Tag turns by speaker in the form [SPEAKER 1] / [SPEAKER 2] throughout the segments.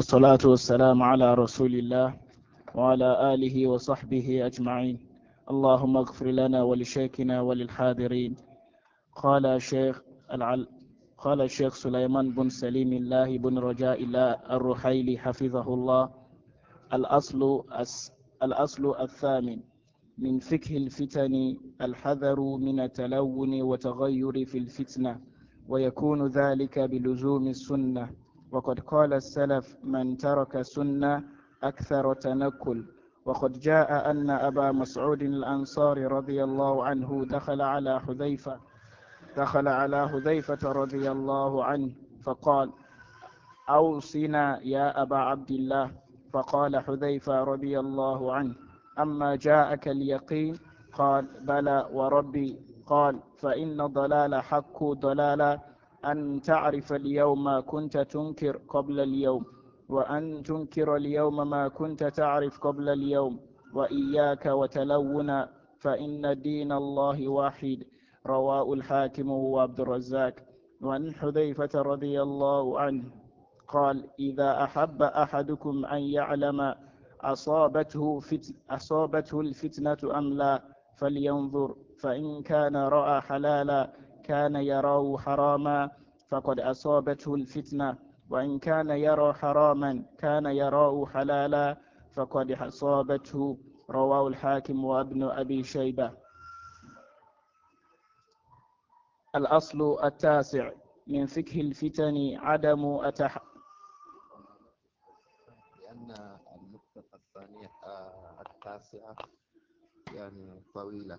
[SPEAKER 1] والصلاة والسلام على رسول الله وعلى آله وصحبه أجمعين اللهم اغفر لنا ولشيكنا وللحاضرين قال شيخ العل قال الشيخ سليمان بن سليم الله بن رجاء الله الرحيلي حفظه الله الأصل أس الأصل الثامن من فقه الفتن الحذر من التلون وتغير في الفتنة ويكون ذلك بلزوم السنة وقد قال السلف من ترك سنة أكثر تنكل وقد جاء أن أبا مسعود الأنصاري رضي الله عنه دخل على حذيفة دخل على حذيفة رضي الله عنه فقال أوصنا يا أبا عبد الله فقال حذيفة رضي الله عنه أما جاءك اليقين قال بلى وربي قال فإن ضلال حق ضلالا أن تعرف اليوم ما كنت تنكر قبل اليوم وأن تنكر اليوم ما كنت تعرف قبل اليوم وإياك وتلون فإن دين الله واحد رواه الحاكم وعبد الرزاق وعن حذيفة رضي الله عنه قال إذا أحب أحدكم أن يعلم أصابته, فتن أصابته الفتنة أم لا فلينظر فإن كان رأى حلالا كان يراه حراما فقد أصابته الفتنة وإن كان يرى حراما كان يراه حلالا فقد أصابته رواه الحاكم وابن أبي شيبة الأصل التاسع من فقه الفتن عدم أتح
[SPEAKER 2] لأن النقطة الثانية آه، التاسعة يعني طويلة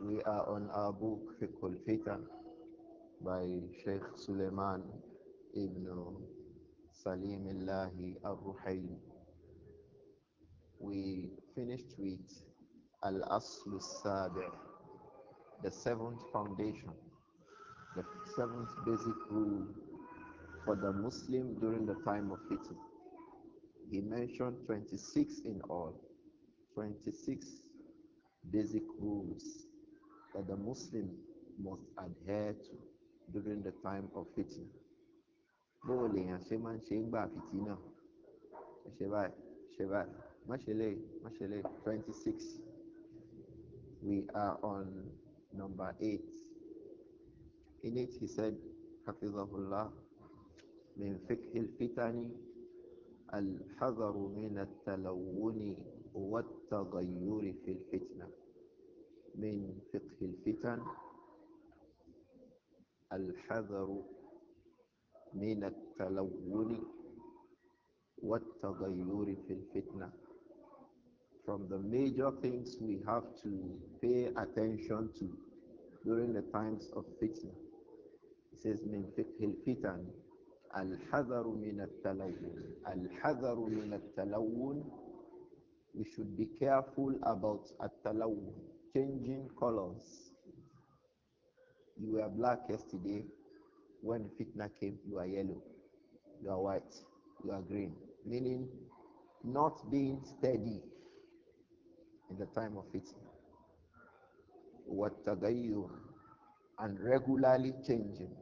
[SPEAKER 2] We are on our book Fiqhul Fitan by Sheikh Suleiman ibn Salim Allahi Abu ruhayl We finished with Al-Aslu Sabi, the seventh foundation, the seventh basic rule for the Muslim during the time of fitting. He mentioned 26 in all, 26 basic rules that the Muslim must adhere to during the time of fitna. Bóò lèèyàn ṣe máa ń ṣe ń gbà fìtínà? Ẹ ṣe báyìí, ṣe báyìí. Máṣele, máṣele, twenty-six. We are on number eight. In it he said, min al Hafizahullah, من فقه الفتن الحذر من التلون والتغير في fitna." من فقه الفتن الحذر من التلون والتغير في الفتنه from the major things we have to pay attention to during the times of fitna. It says, من فقه الفتن الحذر من التلون الحذر من التلون We should be careful about التلون changing colors. You were black yesterday. When fitna came, you are yellow. You are white. You are green. Meaning not being steady in the time of fitna. Wattagayyur and regularly changing.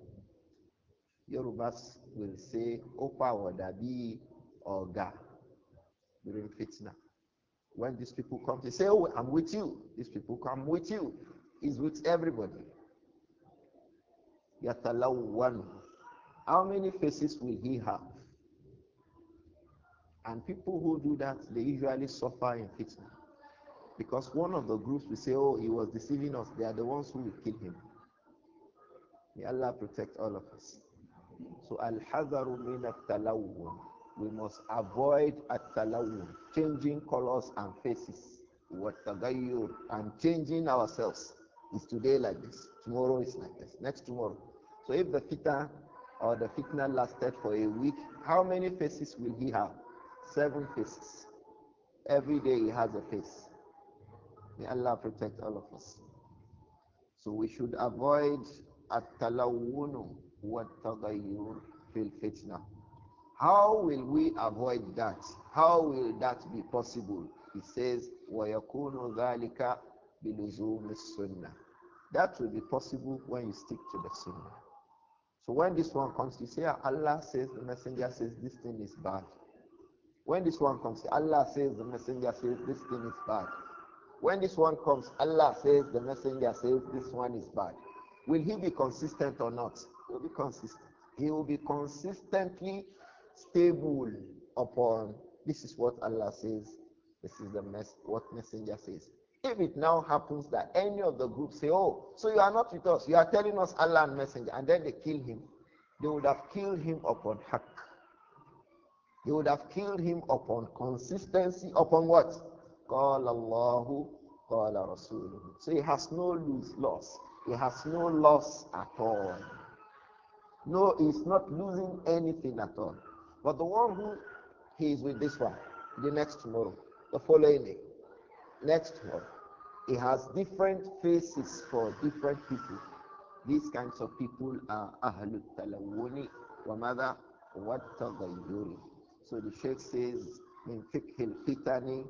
[SPEAKER 2] Yorubas will say, Opa wadabi oga during fitna. When these people come, they say, Oh, I'm with you. These people come with you. He's with everybody. one. How many faces will he have? And people who do that, they usually suffer in fitna. Because one of the groups will say, Oh, he was deceiving us. They are the ones who will kill him. May Allah protect all of us. So, Al Hazaru min al we must avoid at-talawun, changing colors and faces, what-tagayyur, and changing ourselves. Is today like this, tomorrow is like this, next tomorrow. So if the fitna or the fitna lasted for a week, how many faces will he have? Seven faces. Every day he has a face. May Allah protect all of us. So we should avoid at-talawunu wa-tagayyur fil fitna. How will we avoid that? How will that be possible? He says, وَيَكُونُ ذَلِكَ بِلُزُومِ السُّنَّةِ That will be possible when you stick to the sunnah. So when this one comes, you say, Allah says, the messenger says, this thing is bad. When this one comes, Allah says, the messenger says, this thing is bad. When this one comes, Allah says, the messenger says, this one is bad. Will he be consistent or not? He will be consistent. He will be consistently stable upon this is what Allah says, this is the mess what messenger says. If it now happens that any of the group say, Oh, so you are not with us, you are telling us Allah and Messenger, and then they kill him, they would have killed him upon haqq. They would have killed him upon consistency, upon what? Call Allahu, call Rasuluhu. So he has no lose loss. He has no loss at all. No, he's not losing anything at all. But the one who he is with this one, the next tomorrow, the following day, next tomorrow, he has different faces for different people. These kinds of people are Ahlul Talawuni wa Mada wa Tagayyuri. So the Sheikh says in Fiqh Fitani,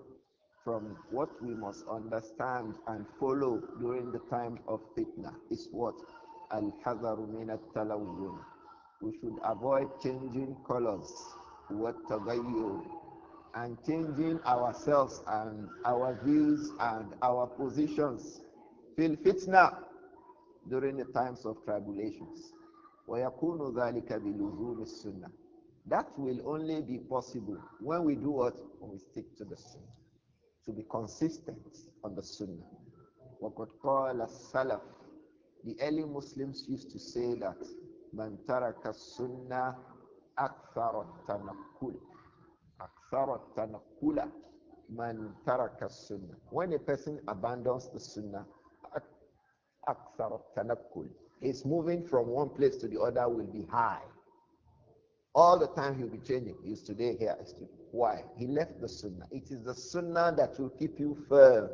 [SPEAKER 2] from what we must understand and follow during the time of fitna is what? Al-Hazaru minat talawuni we should avoid changing colors and changing ourselves and our views and our positions fit now during the times of tribulations that will only be possible when we do what when we stick to the sunnah to be consistent on the sunnah وقد قال salaf, the early Muslims used to say that من ترك السنة أكثر التنقل أكثر التنقل من ترك السنة when a person abandons the sunnah أكثر التنقل his moving from one place to the other will be high all the time he'll be changing he's today here he's today. why he left the sunnah it is the sunnah that will keep you firm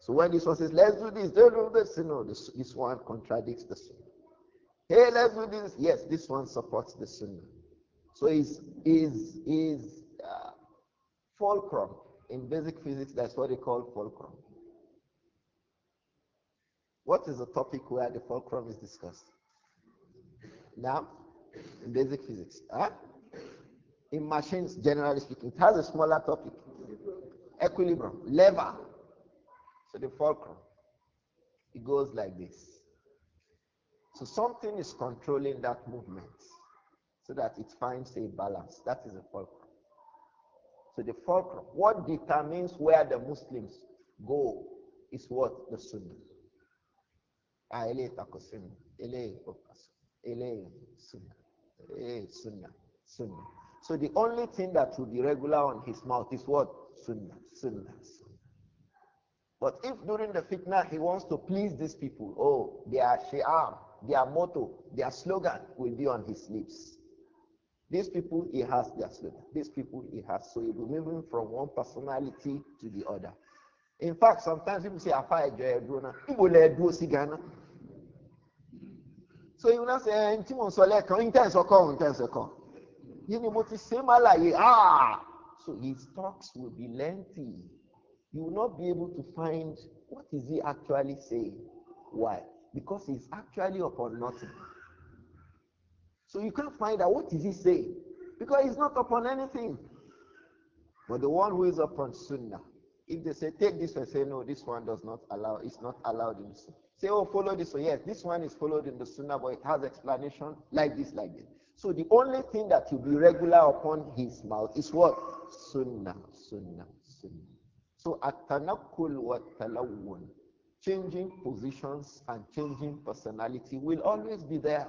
[SPEAKER 2] so when this one says let's do this don't do this you know this, this one contradicts the sunnah Hey, let's do this. Yes, this one supports the sunnah. So he's, is is uh, fulcrum in basic physics. That's what they call fulcrum. What is the topic where the fulcrum is discussed? Now, in basic physics, huh? in machines, generally speaking, it has a smaller topic. Equilibrium, lever. So the fulcrum, it goes like this. So something is controlling that movement so that it finds a balance. That is the fulcrum. So the fulcrum, what determines where the Muslims go is what the Sunnah. Ah, ele takusim, oh, sunnah. So the only thing that will be regular on his mouth is what sunnah, sunnah. But if during the fitna he wants to please these people, oh, their shi'am, their motto, their slogan will be on his lips. These people, he has their slogan. These people, he has. So he'll be moving from one personality to the other. In fact, sometimes people say, Afa Ejoyedrona, Ibole Edo Sigana. So you will not say, eh, Ntimo Sole kan, Intense Oko, Intense Oko. Yini mo ti se malaye, ah! So his talks will be lengthy you will not be able to find what is he actually saying. Why? Because he's actually upon nothing. So you can't find out what is he saying because he's not upon anything. But the one who is upon Sunnah, if they say take this one, say no, this one does not allow, it's not allowed in the Sunnah. Say oh, follow this one. Yes, this one is followed in the Sunnah, but it has explanation like this, like this. So the only thing that will be regular upon his mouth is what? Sunnah, Sunnah, Sunnah. So atanakul tanakul changing positions and changing personality will always be there.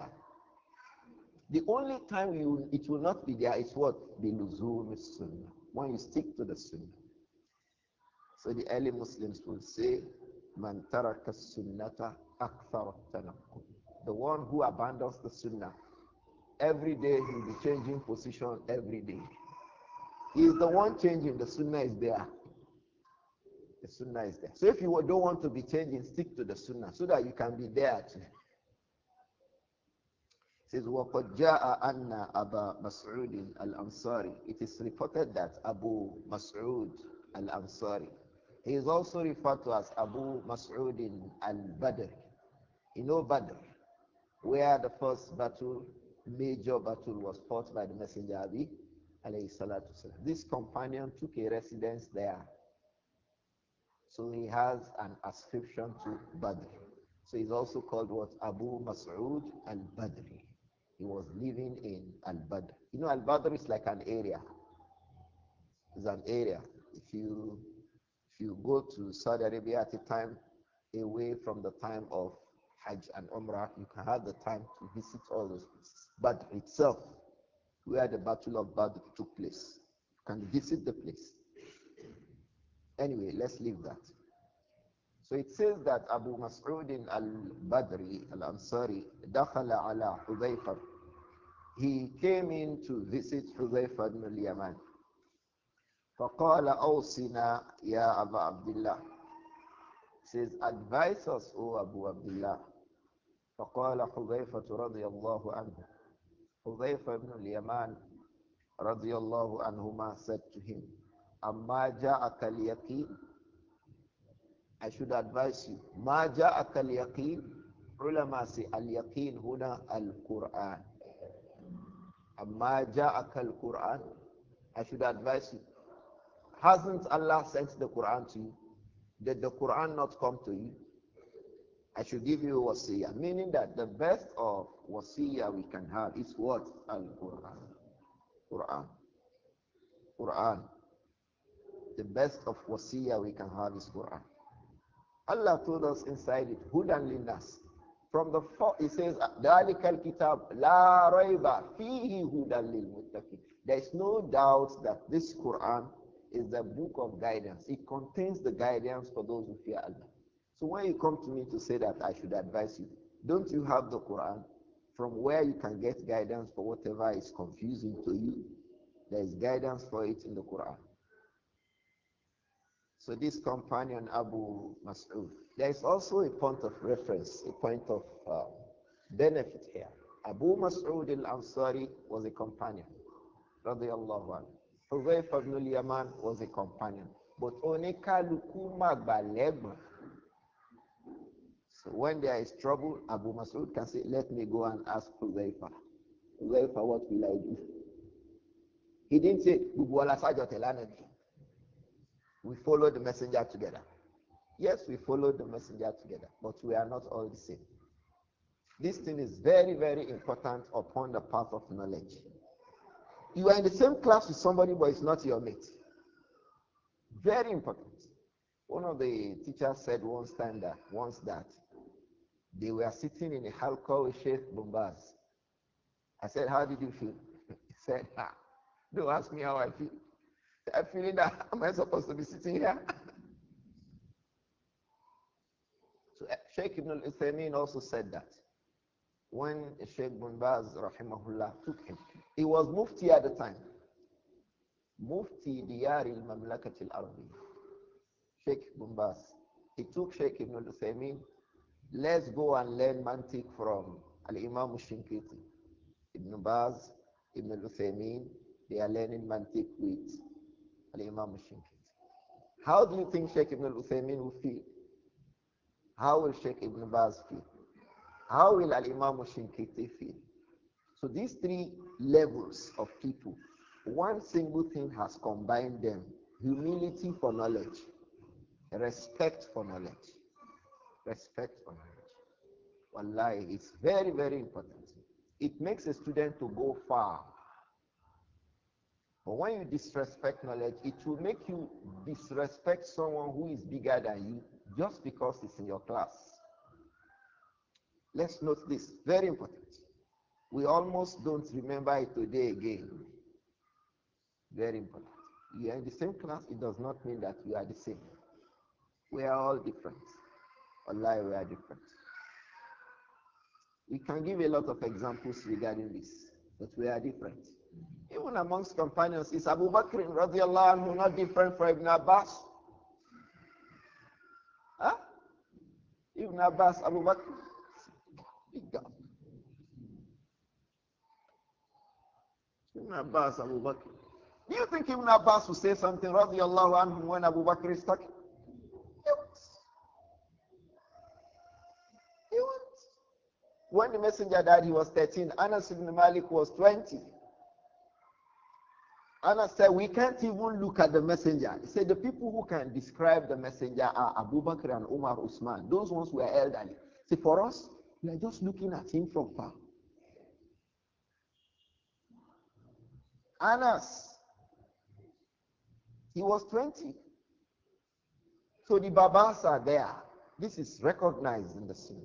[SPEAKER 2] The only time you, it will not be there is what? The luzum sunnah, when you stick to the sunnah. So the early Muslims will say, man taraka sunnata akthar tanakul. The one who abandons the sunnah, every day he'll be changing position every day. He is the one changing, the sunnah is there. The sunnah is there. So if you don't want to be changing, stick to the sunnah so that you can be there too. says وَقَدْ جَاءَ أَنَّ أَبَا مَسْعُودٍ الْأَنصَارِ It is reported that Abu Mas'ud al-Ansari he is also referred to as Abu Mas'udin al-Badr. You know Badr, where the first battle, major battle was fought by the Messenger Abi, alayhi salatu This companion took a residence there so he has an ascription to Badr. So he's also called what? Abu Mas'ud al-Badri. He was living in al-Badr. You know, al-Badr is like an area. It's an area. If you if you go to Saudi Arabia at a time away from the time of Hajj and Umrah, you can have the time to visit all those places. Badr itself, where the Battle of Badr took place, you can visit the place. Anyway, let's leave that. So it says that Abu Mas'ud al-Badri al-Ansari dakhala ala Hudayfa. He came in to visit Hudayfa ibn al-Yaman. فقال أوصنا يا أبا عبد الله says advise us O Abu Abdullah فقال حذيفة رضي الله عنه حذيفة بن اليمان رضي الله عنهما said to him Amma ja'aka al-yaqeen. I should advise you. Ma ja'aka al-yaqeen. Ulama say al-yaqeen huna al-Qur'an. Amma akal al-Qur'an. I should advise you. Hasn't Allah sent the Quran to you? Did the Quran not come to you? I should give you wasiyah, meaning that the best of wasiyah we can have is what? Al Quran. Quran. Quran. The best of wasiyah we can have is Quran. Allah told us inside it, Hudan linnas. From the four, he says, ذَلِكَ الْكِتَابُ لَا رَيْبَ فِيهِ هُدًى لِلْمُتَّقِينَ There is no doubt that this Quran is the book of guidance. It contains the guidance for those who fear Allah. So when you come to me to say that I should advise you, don't you have the Quran from where you can get guidance for whatever is confusing to you? There is guidance for it in the Quran. So this companion Abu Mas'ud. There is also a point of reference, a point of um, benefit here. Abu Mas'ud al-Ansari was a companion, radiallahu anhu. Huzayf ibn al-Yaman was a companion. But oníkálukú magbalẹ́gbọ̀n. So when there is trouble, Abu Mas'ud can say, let me go and ask Huzaifa. Huzaifa, what will I do? He didn't say, gbogbo ọlá we follow the messenger together. Yes, we follow the messenger together, but we are not all the same. This thing is very, very important upon the path of knowledge. You are in the same class with somebody, but it's not your mate. Very important. One of the teachers said once time that once that they were sitting in a halqa with Sheikh Bombas." I said, How did you feel? he said, ah, don't ask me how I feel. I'm feeling that ah, am I supposed to be sitting here? so eh, Sheikh Ibn al-Uthaymeen also said that when Sheikh Ibn Baz rahimahullah took him, he was Mufti at the time. Mufti Diyar al-Mamlakat al-Arabi. Sheikh Ibn Baz. He took Sheikh Ibn al-Uthaymeen. Let's go and learn mantik from al-Imam al-Shinkiti. Ibn Baz, Ibn al-Uthaymeen, they are learning mantik with Al-Imam al-Shinkiti. How do you think Sheikh Ibn al-Uthaymeen will feel? How will Sheikh Ibn Baz feel? How will Al-Imam al-Shinkiti feel? So these three levels of people, one single thing has combined them. Humility for knowledge. Respect for knowledge. Respect for knowledge. Wallahi, it's very, very important. It makes a student to go far but when you disrespect knowledge, it will make you disrespect someone who is bigger than you just because it's in your class. Let's note this, very important. We almost don't remember it today again. Very important. You are in the same class, it does not mean that you are the same. We are all different. Allah, we are different. We can give a lot of examples regarding this, but we are different. Even amongst companions, is Abu Bakr radiallahu anhu not different from Ibn Abbas? Huh? Ibn Abbas, Abu Bakr? Ibn Abbas, Abu Bakr. Do you think Ibn Abbas will say something radiallahu anhu when Abu Bakr is talking? He When the messenger died, he was 13. Anas ibn Malik was 20. Anas said, We can't even look at the messenger. He said, The people who can describe the messenger are Abu Bakr and Umar Usman. Those ones were elderly. See, for us, we are just looking at him from far. Anas, he was 20. So the Babas are there. This is recognized in the Sunnah.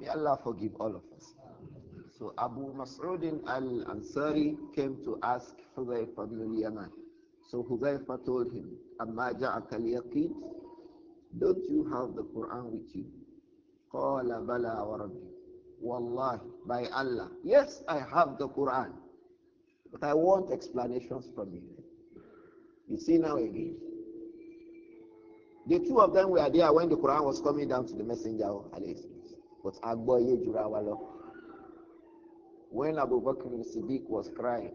[SPEAKER 2] May Allah forgive all of us. So Abu Mas'ud al-Ansari came to ask Hudayfa ibn Yaman. So Hudayfa told him, Amma ja'aka al Don't you have the Quran with you? Qala bala wa Wallahi, by Allah. Yes, I have the Quran. But I want explanations from you. You see now again. The two of them were there when the Quran was coming down to the messenger. But Agboye Jurawalo. When Abu Bakr al-Siddiq was crying,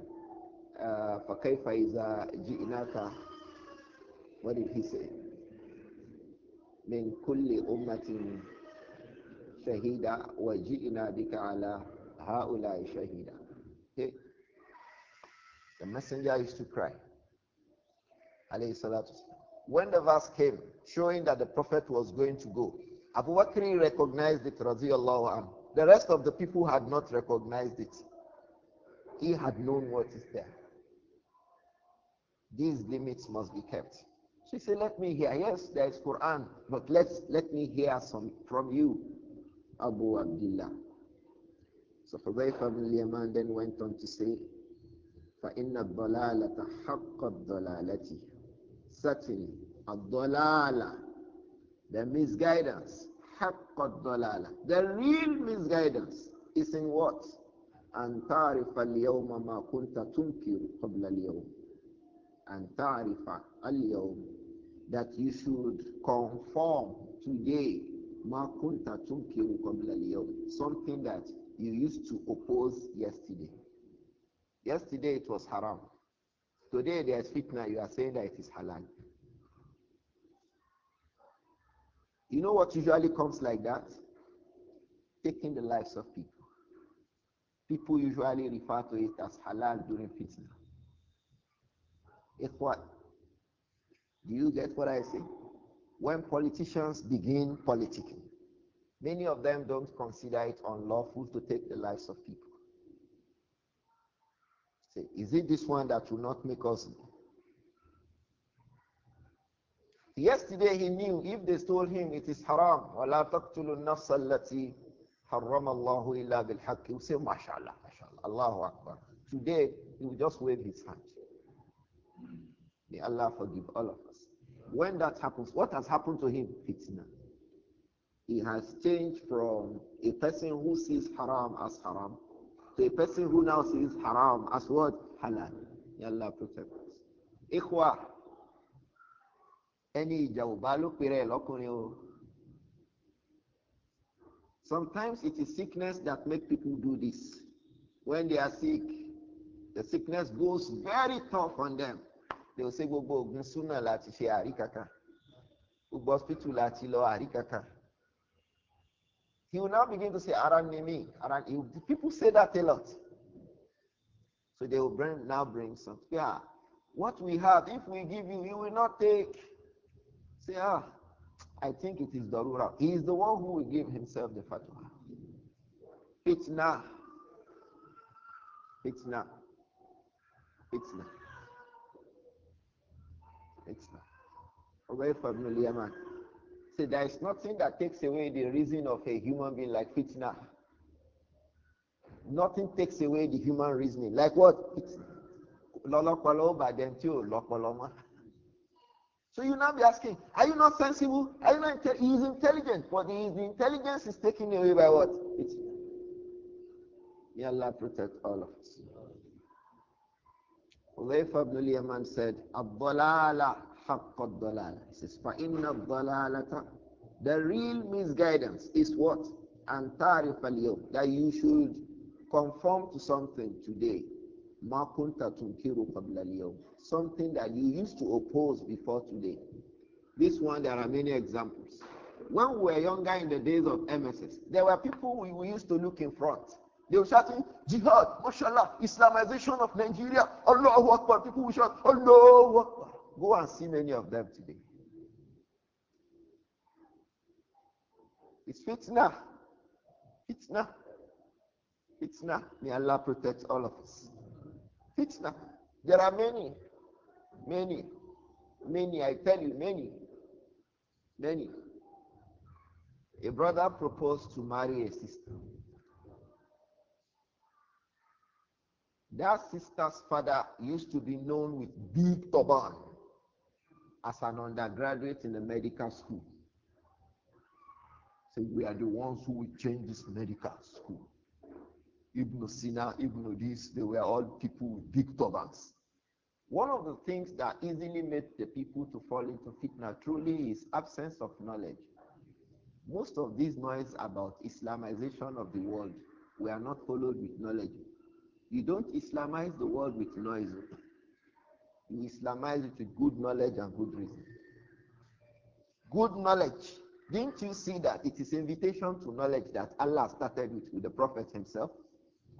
[SPEAKER 2] uh, فَكَيْفَ إِذَا جِئْنَاكَ What did he say? مِنْ كُلِّ أُمَّةٍ شَهِيدًا وَجِئْنَا بِكَ عَلَى هَؤُلَاءِ شَهِيدًا Okay? The messenger used to cry. When the verse came, showing that the prophet was going to go, Abu Bakr recognized it, radiallahu anhu. The rest of the people had not recognized it. He had known what is there. These limits must be kept. She said, Let me hear. Yes, there is Quran, but let's let me hear some from you, Abu Abdullah. So family, a man then went on to say, فَإِنَّ الضَّلَالَةَ حَقَّ الضَّلَالَةِ Certainly, الضَّلَالَ The misguidance the real misguidance is in what? أن تعرف اليوم ما كنت تنكر قبل اليوم أن تعرف اليوم that you should conform today ما كنت تنكر قبل اليوم something that you used to oppose yesterday yesterday it was haram today there's fitna you are saying that it is halal You know what usually comes like that? Taking the lives of people. People usually refer to it as halal during fitna. It's what? Do you get what I say? When politicians begin politicking, many of them don't consider it unlawful to take the lives of people. Say, is it this one that will not make us Yesterday he knew if they stole him, it is haram. وَلَا تَقْتُلُ النَّفْسَ الَّتِي حَرَّمَ اللَّهُ إِلَّا بِالْحَقِّ He will say, MashaAllah, MashaAllah, Allahu Akbar. Today, he will just wave his hand. May Allah forgive all of us. When that happens, what has happened to him? Fitna. He has changed from a person who sees haram as haram to a person who now sees haram as what? Halal. May Allah protect us. Ikhwah, ẹni ìjà ò bá Sometimes it is sickness that make people do this. When they are sick, the sickness goes very tough on them. They will say gbogbo oògùn súnà láti ṣe àríkàkà. Gbogbo hospital láti lọ àríkàkà. He will now begin to say, Ara ni mi, ara ni People say that a lot. So they will bring, now bring some. Yeah, what we have, if we give you, you will not take. Say, ah, I think it is Darura. He is the one who will give himself the fatwa. It's not. It's not. Away from the Yaman. Say, there is nothing that takes away the reason of a human being like Fitna. Nothing takes away the human reasoning. Like what? It's ó so you now be asking, are you not sensible? Are you not he is intelligent, but the, the intelligence is taken away by what? It's, may Allah protect all of us. Ulayf ibn yaman said, Abdalala haqqad dalala. He says, فَإِنَّ الضَّلَالَةَ The real misguidance is what? Antarif al That you should conform to something today. Ma kunta tunkiru قَبْلَ الْيَوْمِ something that you used to oppose before today. This one, there are many examples. When we were younger in the days of MSS, there were people we, we used to look in front. They were shouting, Jihad, mashallah, Islamization of Nigeria, Allah Akbar. People will shout, Allah Akbar. Go and see many of them today. It's fitna. Fitna. Fitna. May Allah protect all of us. Fitna. There are many. Many, many, I tell you, many, many. A brother proposed to marry a sister. That sister's father used to be known with big turban as an undergraduate in the medical school. So we are the ones who will change this medical school. Ibn Sina, Ibn this, they were all people with big turbans. One of the things that easily makes the people to fall into fitna truly is absence of knowledge. Most of this noise about Islamization of the world were not followed with knowledge. You don't Islamize the world with noise. You Islamize it with good knowledge and good reason. Good knowledge. Didn't you see that it is invitation to knowledge that Allah started with, with the Prophet himself?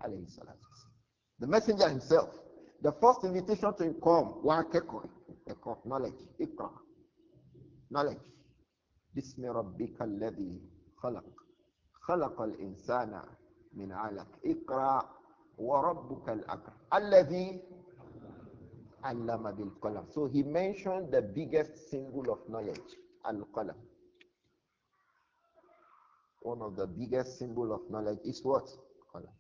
[SPEAKER 2] The messenger himself the first invitation to come, wakekon, knowledge, ikra, knowledge. بسم ربك الذي خلق خلق الإنسان من علق اقرأ وربك الأكرم الذي علم بالقلم so he mentioned the biggest symbol of knowledge القلم one of the biggest symbol of knowledge is what قلم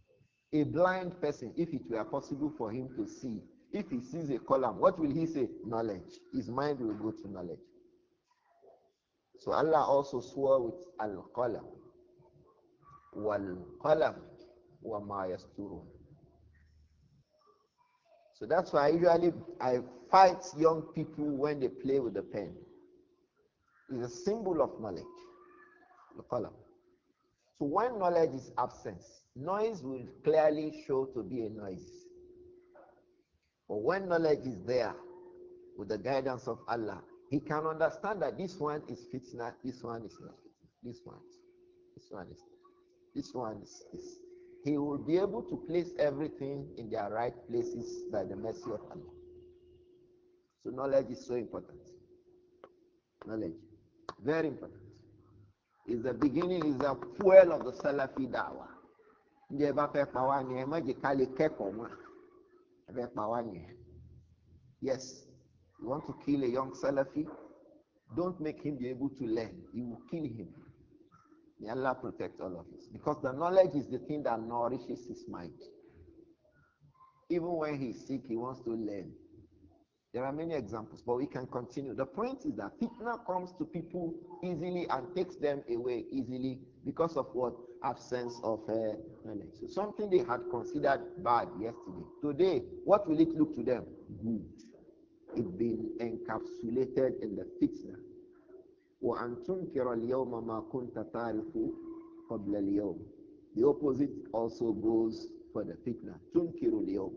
[SPEAKER 2] a blind person, if it were possible for him to see, if he sees a column, what will he say? Knowledge. His mind will go to knowledge. So Allah also swore with al qalam wal qalam wa ma yasturun. So that's why usually I fight young people when they play with the pen. It's a symbol of knowledge. The column. So when knowledge is absent, noise will clearly show to be a noise. But when knowledge is there, with the guidance of Allah, he can understand that this one is fitna, this one is not this one, this one is, this one is. is. He will be able to place everything in their right places by the mercy of Allah. So knowledge is so important. Knowledge, very important. Is the beginning, is the fuel of the Salafi da'wah bí ẹ bá fẹ́ pa wá ni ẹ má jẹ́ ká yes you want to kill a young Salafi don't make him be able to learn he will kill him may Allah protect all of us because the knowledge is the thing that nourishes his mind even when he's sick he wants to learn there are many examples, but we can continue. The point is that fitna comes to people easily and takes them away easily because of what? absence of uh, So something they had considered bad yesterday. Today, what will it look to them? Good. it being encapsulated in the fitna. وأن تنكر اليوم ما كنت تعرف قبل The opposite also goes for the fitna. تنكر اليوم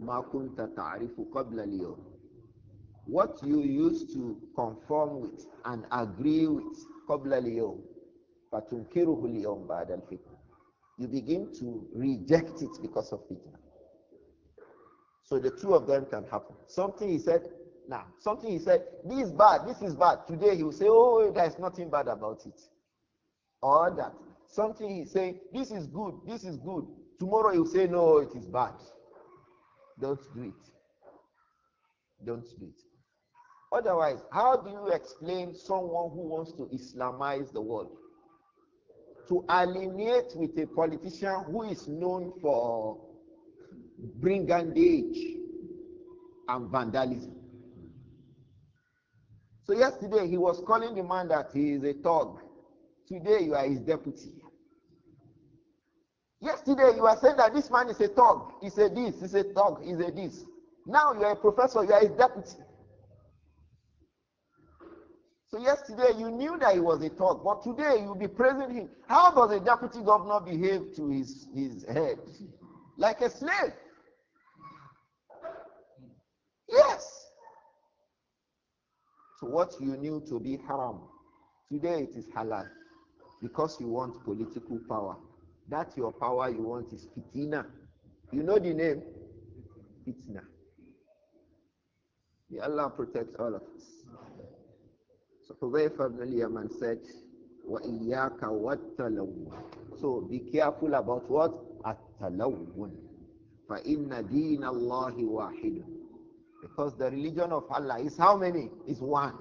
[SPEAKER 2] ما كنت تعرف قبل What you used to conform with and agree with قبل اليوم فَتُنْكِرُهُ الْيَوْمْ بَعْدَ الْفِتْنَةِ You begin to reject it because of fitna. So the two of them can happen. Something he said, now, something he said, this is bad, this is bad. Today he will say, oh, there's nothing bad about it. Or that. Something he say, this is good, this is good. Tomorrow he will say, no, it is bad. Don't do it. Don't do it. Otherwise, how do you explain someone who wants to Islamize the world? to alienate with a politician who is known for brigandage and vandalism. So yesterday he was calling the man that he is a thug. Today you are his deputy. Yesterday you were saying that this man is a thug, he's a this, he's a thug, he's a this. Now you are a professor, you are his deputy. So yesterday you knew that he was a thug, but today you'll be praising him. How does a deputy governor behave to his, his head? Like a slave. Yes. So what you knew to be haram, today it is halal because you want political power. That your power you want is fitina. You know the name? Fitna. May Allah protect all of us. Hudayfa ibn said, وَإِيَّاكَ وَالتَّلَوُّنِ So be careful about what? التَّلَوُّنِ فَإِنَّ دِينَ اللَّهِ وَاحِدٌ Because the religion of Allah is how many? Is one.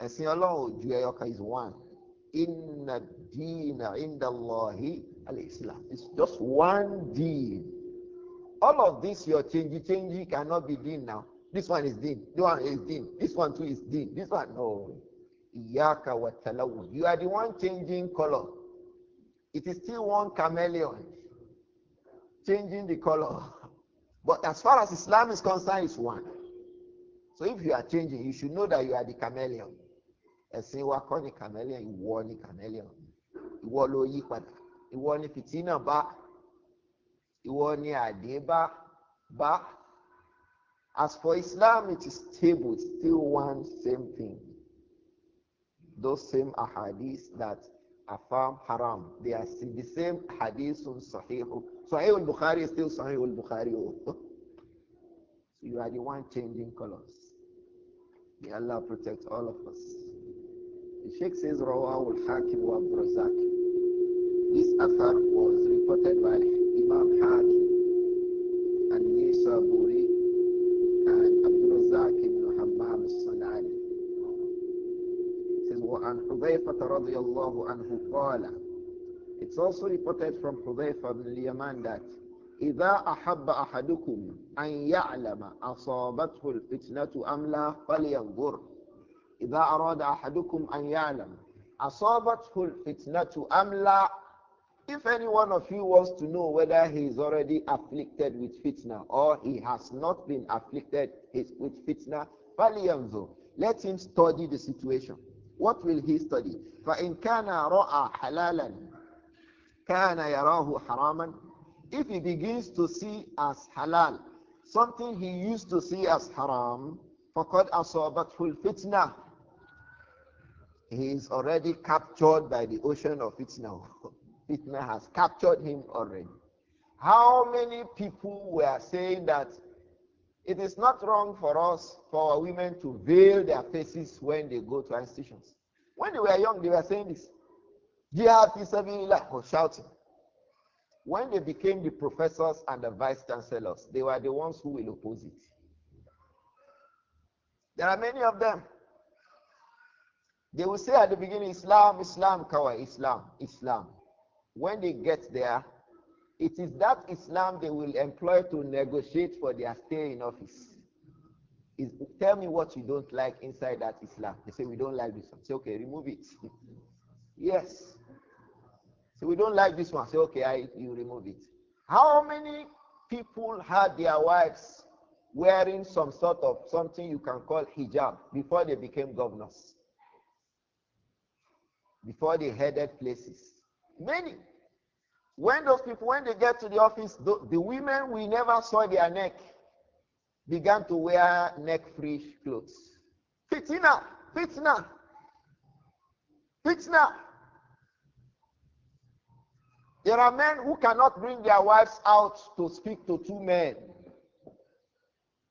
[SPEAKER 2] As Ọlọ́run ju ẹyọ is one. إِنَّ الدِّينَ عِنْدَ اللَّهِ al-Islam. It's just one deen. All of this, your changey changey cannot be deen now. This one is deen. This one is deen. This one too is deen. This one, no. Iyaka watalawu. You are the one changing color. It is still one chameleon changing the color. But as far as Islam is concerned, it's one. So if you are changing, you should know that you are the chameleon. Ẹ̀sìn wa kọ́ chameleon, ìwọ ni chameleon. Ìwọ ló yí fìtínà bá. Ìwọ adeba Bá. As for Islam, it is stable, it's still one same thing those same ahadith that affirm haram. They are the same hadith sahih. Sahih al-Bukhari is still Sahih al-Bukhari. Oh. so you are the one changing colors. May Allah protect all of us. The Sheikh says, Rawah hakim wa This affair was reported by Imam Hakim and Buri عن حذيفة رضي الله عنه قال It's also reported from Hudhaifa ibn Yaman that إذا أحب أحدكم أن يعلم أصابته الفتنة أم لا فلينظر إذا أراد أحدكم أن يعلم أصابته الفتنة أم لا If any one of you wants to know whether he is already afflicted with fitna or he has not been afflicted with fitna, فلينظر Let him study the situation. What will he study? فَإِنْ كَانَ رَأَى حَلَالًا كَانَ يَرَاهُ حَرَامًا If he begins to see as halal, something he used to see as haram, فَقَدْ أَصَابَتْهُ الْفِتْنَةِ He is already captured by the ocean of fitna. fitna has captured him already. How many people were saying that it is not wrong for us, for our women, to veil their faces when they go to institutions. When they were young, they were saying this. Jihad is like or shouting. When they became the professors and the vice chancellors, they were the ones who will oppose it. There are many of them. They will say at the beginning, Islam, Islam, Kawa, Islam, Islam. When they get there, it is that Islam they will employ to negotiate for their stay in office. Is, tell me what you don't like inside that Islam. They say, We don't like this one. Say, Okay, remove it. yes. So we don't like this one. Say, Okay, I, you remove it. How many people had their wives wearing some sort of something you can call hijab before they became governors? Before they headed places? Many. When those people, when they get to the office, the, the women we never saw their neck began to wear neck-free clothes. Fitna, fitna, fitna. There are men who cannot bring their wives out to speak to two men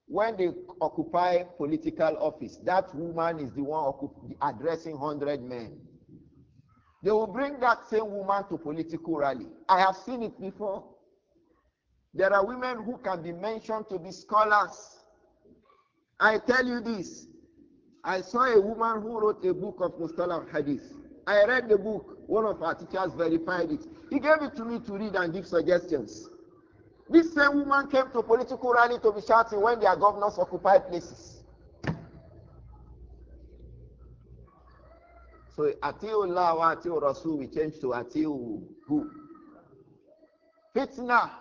[SPEAKER 2] when they occupy political office. That woman is the one addressing 100 men. They will bring that same woman to political rally. I have seen it before. There are women who can be mentioned to be scholars. I tell you this. I saw a woman who wrote a book of Mustalah Hadith. I read the book. One of our teachers verified it. He gave it to me to read and give suggestions. This same woman came to political rally to be shouting when their governors occupied places. So Atiu Allah, Atiu Rasul, we change to Atiu who? Fitna.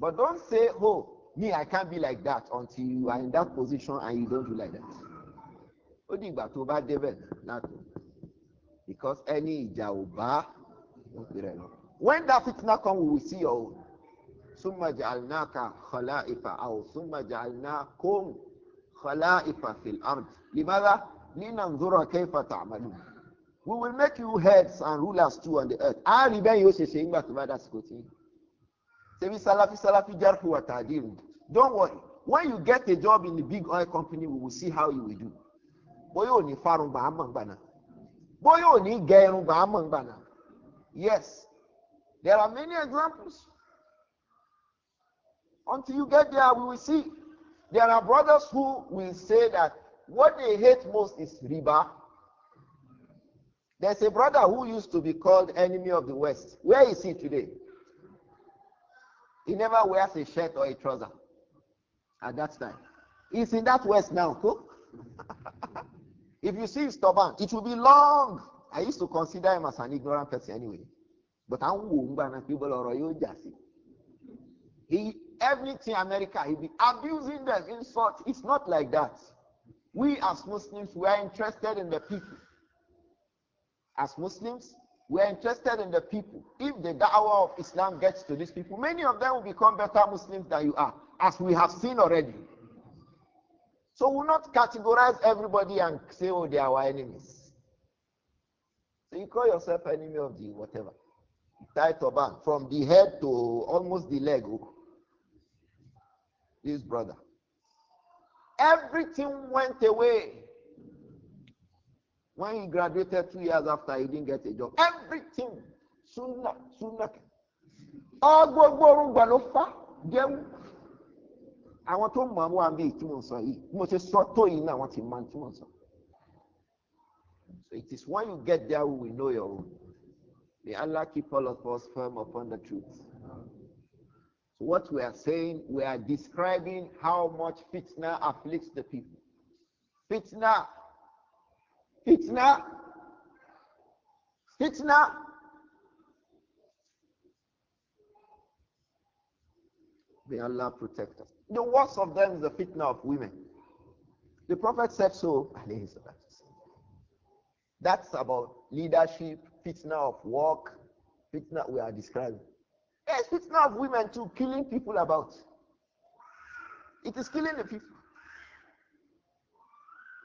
[SPEAKER 2] But don't say, oh, me, I can't be like that until you are in that position and you don't do like that. Ó dìgbà tó bá débẹ̀ látò. Because any ìjà ò bá wọ́n pè rẹ̀ lọ. When that fitna come, we will see your own. Súnmọ̀ jàlnáka kọlá ìfà àwọ̀ súnmọ̀ jàlnákòm kọlá ìfà fìlàmù. Lè má rà. We will make you heads and rulers too on the earth. A rí you. yóò ṣe tó bá dásìkò tí. Ṣèbí Salafi Salafi Jarhu wa Ta'dil. Don't worry. When you get a job in the big oil company, we will see how you will do. Boyo ní farun ba mọ̀ gbàna. Bóyá ní gẹ irun bàá Yes, there are many examples. Until you get there, we will see. There are brothers who will say that what they hate most is riba. There's a brother who used to be called enemy of the West. Where is he today? He never wears a shirt or a trouser at that time. He's in that West now, cool? if you see his stubborn, it will be long. I used to consider him as an ignorant person anyway. But I'm woman people are royal jassy. He everything America, he be abusing them, insult. It's not like that. We as Muslims, we are interested in the people. As Muslims, we are interested in the people. If the da'wah of Islam gets to these people, many of them will become better Muslims than you are, as we have seen already. So we'll not categorize everybody and say, oh, they are our enemies. So you call yourself enemy of the whatever. Tie band, from the head to almost the leg. Oh. This brother. Everything went away. When he graduated two years after, he didn't get a job. Everything. soon sunnah. All gbogbo orúgbà ló fà jẹun. Àwọn tó mọ̀ wá bí tí mo sọ yìí, mo ṣe sọ tó yìí náà wọ́n ti mọ tí mo sọ. So it ti mo ti mo so its when you get there we know your own. May Allah keep all of us firm upon the truth what we are saying, we are describing how much fitna afflicts the people. Fitna, fitna, fitna. May Allah protect us. The worst of them is the fitna of women. The Prophet said so. That's about leadership, fitna of work, fitna we are describing. Yes, fitna of women too killing people about. It is killing the people.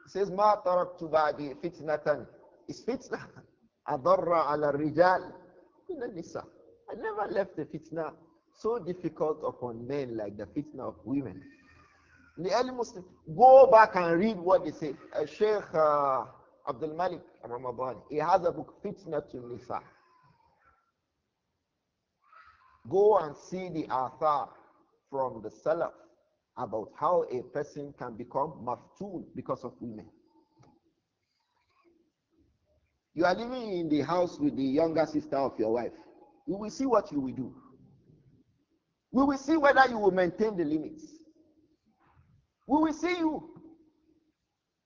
[SPEAKER 2] It says, Ma taraktu ba'di fitnatan. It's fitna. Adarra ala rijal. nisa. I never left the fitna so difficult upon men like the fitna of women. The early Muslims, go back and read what they say. Uh, Sheikh uh, Abdul Malik Ramadan, he has a book, Fitna to Nisa. Go and see the author from the Salaf about how a person can become maftool because of women. You are living in the house with the younger sister of your wife. We will see what you will do. We will see whether you will maintain the limits. We will see you.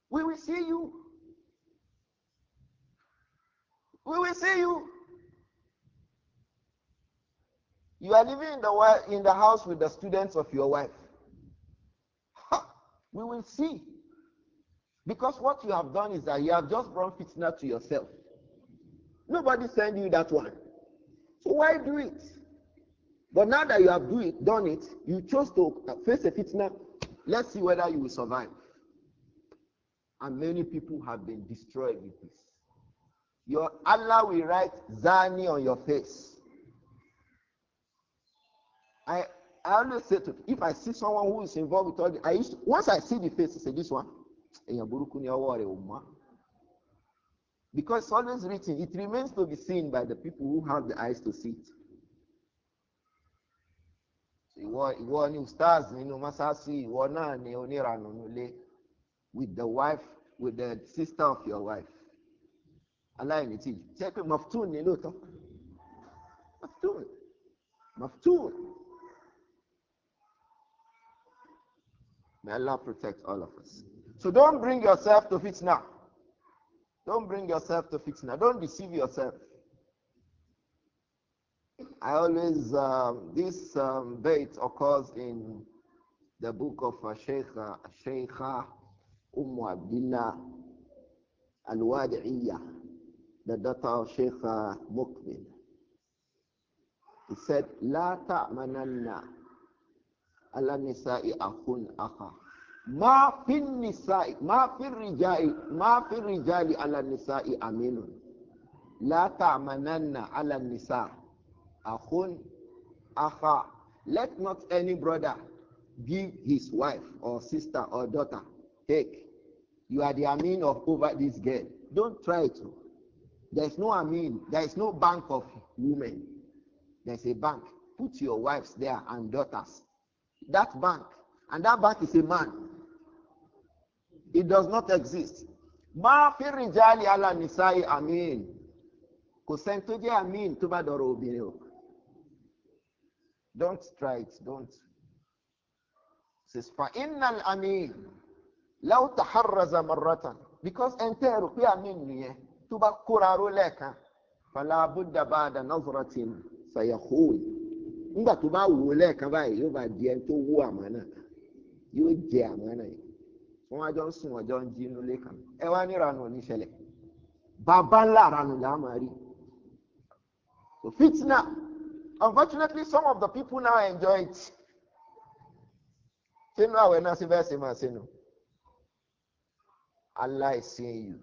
[SPEAKER 2] We will see you. We will see you. You are living in the, in the house with the students of your wife. Ha! We will see. Because what you have done is that you have just brought fitna to yourself. Nobody sent you that one. So why do it? But now that you have do it, done it, you chose to uh, face a fitna. Let's see whether you will survive. And many people have been destroyed with this. Your Allah will write Zani on your face. I, I always say to if I see someone who is involved with all the, I used to, once I see the face, I say this one. Because it's always written, it remains to be seen by the people who have the eyes to see it. stars masasi with the wife with the sister of your wife aláìní tí jẹ pé mọ̀ftún ni lóòótọ́ mọ̀ftún May Allah protect all of us. So don't bring yourself to fitna. Don't bring yourself to fitna. Don't deceive yourself. I always, um, this um, bait occurs in the book of Shaykha, uh, Shaykha uh, uh, Umm Abdullah Al-Wadi'iyah, the daughter of Shaykha Mukbil. He said, لا manana." ala nisa'i akhun akha ma fin nisa'i ma fin rijai ma fin rijali ala nisa'i aminun la ta'mananna ala nisa' akhun akha let not any brother give his wife or sister or daughter take you are the amin of over this girl don't try to there is no amin there is no bank of women there is a bank put your wives there and daughters that bank, and that bank is a man. It does not exist. Ma fi rijali ala nisa'i amin. Kò sẹ́ni jẹ́ amin tó bá dọ̀rọ̀ obìnrin o. Don't try it, don't. Says fa innal amin law taharraza marratan because ẹ̀ńtẹ́ rò pé amin nìyẹn tó bá kóra ró lẹ́ẹ̀kan. Fala budda ba'da nazratin sayahul. nígbà tó bá wò lẹ́ẹ̀kan báyìí yóò bá di ẹni tó wó àmọ́ náà yóò jẹ àmọ́ náà yìí wọ́n wájọ́ ń sùn ọjọ́ ń jí inú ilé ẹ wá níranù oníṣẹ̀lẹ̀ bàbá ńlá ranù là á máa rí so fitna unfortunately some of the people now enjoy it sínú àwẹ̀ náà sí bẹ́ẹ̀ sí máa sínú Allah is seeing you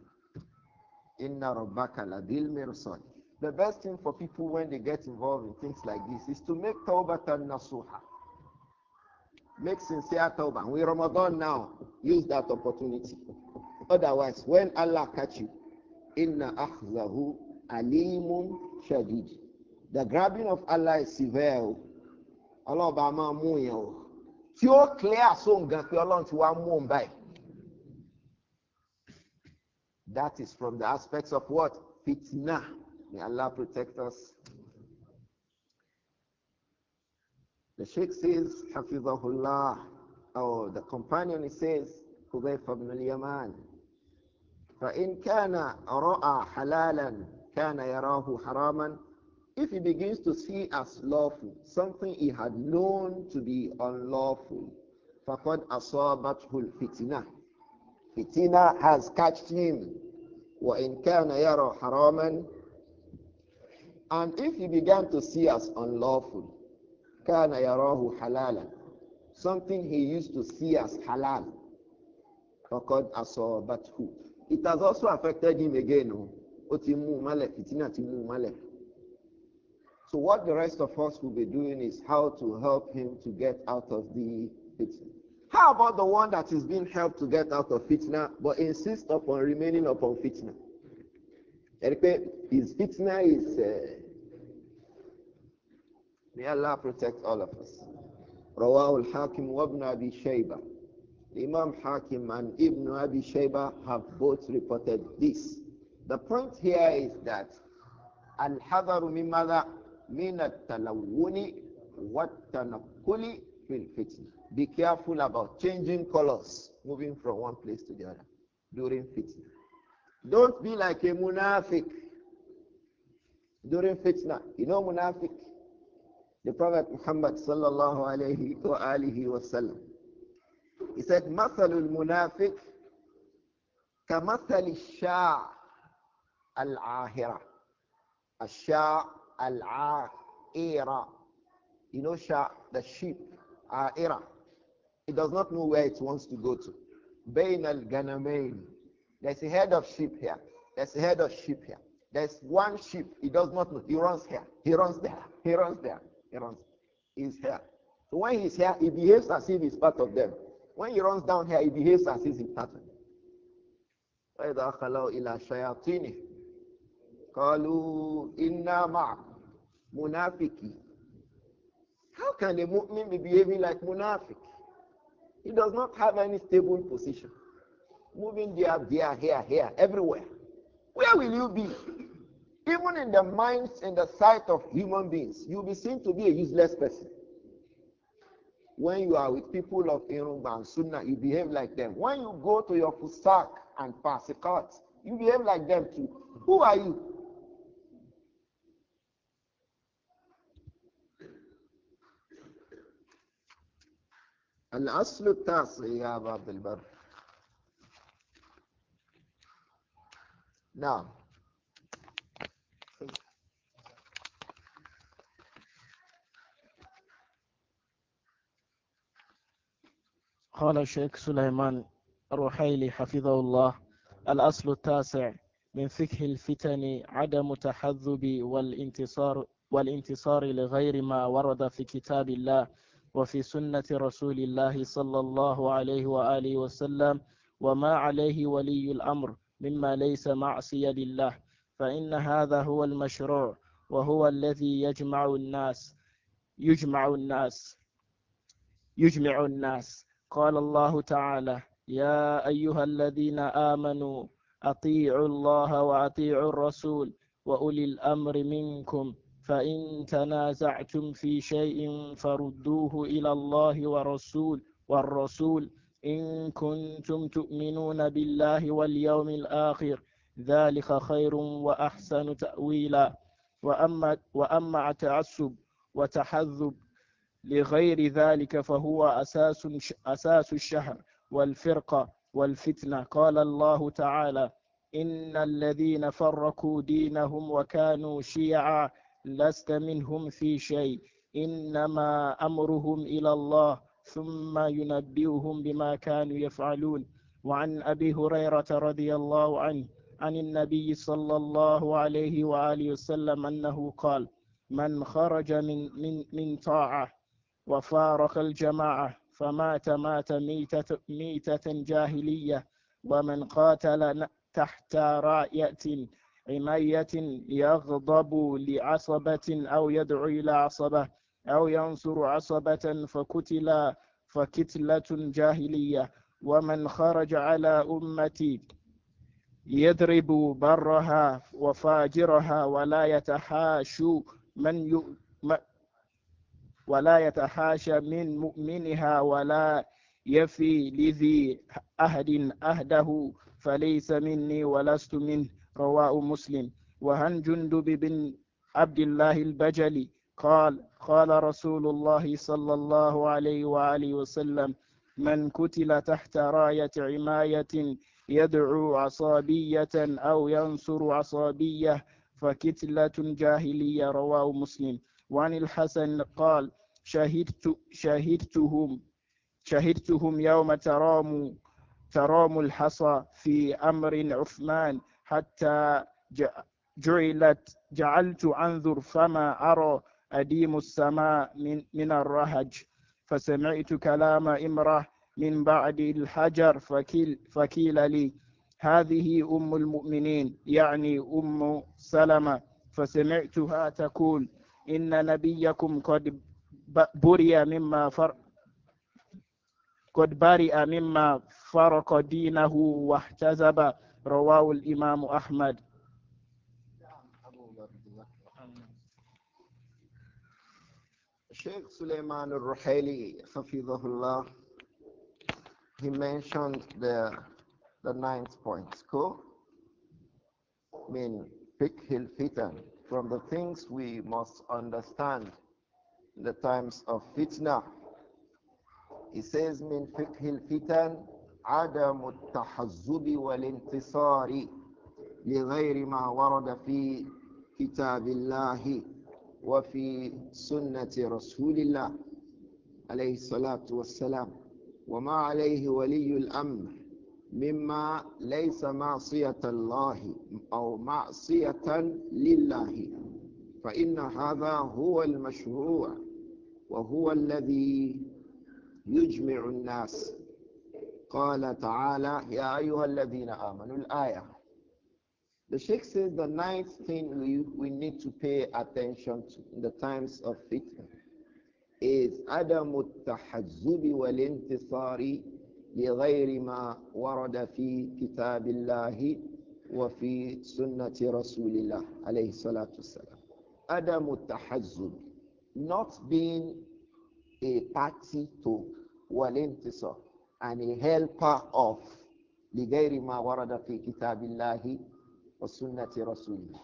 [SPEAKER 2] inna rabbaka labil mirsad. The best thing for people when they get involved in things like this is to make and nasuha. Make sincere tawbah. We Ramadan now, use that opportunity. Otherwise, when Allah catch you, inna akhzahu alimun shadid. The grabbing of Allah is severe. Allah ba ma mú oh. ti wá song. gan òun báyìí. That thats from the aspects of what? Fitna. May Allah protect us. The Sheikh says, Hafizahullah, or the companion he says, Hudayfa ibn al-Yaman, فَإِنْ كَانَ رَأَى حَلَالًا كَانَ يَرَاهُ حَرَامًا If he begins to see as lawful, something he had known to be unlawful, فَقَدْ أَصَابَتْهُ الْفِتْنَةِ Fitina has catched him. وَإِنْ كَانَ يَرَى حَرَامًا and if he began to see us unlawful, Something he used to see as halal, It has also affected him again. Oh. So what the rest of us will be doing is how to help him to get out of the fitna. How about the one that is being helped to get out of fitna but insists upon remaining upon fitna? Eripe, his fitna is. Uh, may Allah protect all of us. Rawah al-Hakim wa ibn Abi Shayba. Imam Hakim and Ibn Abi Shayba have both reported this. The point here is that al-hadaru min madha min at-talawuni fil fitna. Be careful about changing colors, moving from one place to the other during fitna. Don't be like a munafiq during fitna. You know munafiq? The Prophet Muhammad sallallahu alayhi wa alihi wa sallam. He said, مَثَلُ الْمُنَافِقِ كَمَثَلِ الشَّاعِ الْعَاهِرَةِ الشَّاعِ الْعَاهِرَةِ You know sha' the sheep, عَاهِرَةِ It does not know where it wants to go to. بَيْنَ الْغَنَمَيْنِ there's a head of sheep here. There's a head of sheep here. There's one sheep. He does not know. He runs here. He runs there. He runs there. He runs. He's here. So when he's here, he behaves as if he's part of them. When he runs down here, he behaves as if he's part of them. قالوا إنا How can a mu'min be behaving like munafiq? He does not have any stable position moving there, there, here, here, everywhere. Where will you be? Even in the minds and the sight of human beings, you'll be seen to be a useless person. When you are with people of Irumba and Sunnah, you behave like them. When you go to your Fusak and Fasikat, you behave like them too. Who are you? الأصل التاسع يا أبا البر نعم
[SPEAKER 1] قال الشيخ سليمان روحيلي حفظه الله الأصل التاسع من فقه الفتن عدم تحذب والانتصار والانتصار لغير ما ورد في كتاب الله وفي سنة رسول الله صلى الله عليه وآله وسلم وما عليه ولي الأمر مما ليس معصية لله فإن هذا هو المشروع وهو الذي يجمع الناس يجمع الناس يجمع الناس قال الله تعالى يا أيها الذين آمنوا أطيعوا الله وأطيعوا الرسول وأولي الأمر منكم فإن تنازعتم في شيء فردوه إلى الله ورسول والرسول إن كنتم تؤمنون بالله واليوم الآخر ذلك خير وأحسن تأويلا وأما, وأما تعصب وتحذب لغير ذلك فهو أساس, أساس الشهر والفرقة والفتنة قال الله تعالى إن الذين فرقوا دينهم وكانوا شيعا لست منهم في شيء إنما أمرهم إلى الله ثم ينبئهم بما كانوا يفعلون وعن أبي هريرة رضي الله عنه عن النبي صلى الله عليه وآله وسلم أنه قال من خرج من, من, من طاعة وفارق الجماعة فمات مات ميتة, ميتة جاهلية ومن قاتل تحت راية عمية يغضب لعصبة أو يدعو إلى عصبة أو ينصر عصبة فقتل فكتلة جاهلية ومن خرج على أمتي يضرب برها وفاجرها ولا يتحاش من ولا يتحاش من مؤمنها ولا يفي لذي أهد أهده فليس مني ولست منه رواه مسلم وهن جندب بن عبد الله البجلي قال قال رسول الله صلى الله عليه وآله وسلم من قتل تحت راية عماية يدعو عصابية أو ينصر عصابية فكتلة جاهلية رواه مسلم وعن الحسن قال شهدت شهدتهم شهدتهم يوم ترام ترام الحصى في أمر عثمان حتى جعلت جعلت أنظر فما أرى أديم السماء من, من الرهج فسمعت كلام إمرة من بعد الحجر فكيل, فكيل لي هذه أم المؤمنين يعني أم سلمة فسمعتها تقول إن نبيكم قد برئ مما فر قد برئ مما فرق دينه واحتزب رواه الإمام أحمد Sheikh Suleiman al-Ruhaili,
[SPEAKER 2] Hafizahullah, he mentioned the, the ninth point, cool? Min fikhil fitan, from the things we must understand in the times of fitna. He says, min fikhil fitan, عدم التحزب والانتصار لغير ما ورد في كتاب الله وفي سنة رسول الله عليه الصلاة والسلام وما عليه ولي الأمر مما ليس معصية الله أو معصية لله فإن هذا هو المشروع وهو الذي يجمع الناس قال تعالى يا أيها الذين آمنوا الآية The Sheikh says the ninth thing we, we need to pay attention to in the times of fitnah is Adam Tahazubi Walintisari Yiri Ma Waradafi Kitabillahi Wafi Sunnati Rasulillah alayhi salatu salam. not being a party to walintisari and a helper of Ligairi Ma Waradafi Kitabillahi. رَسُولِهِ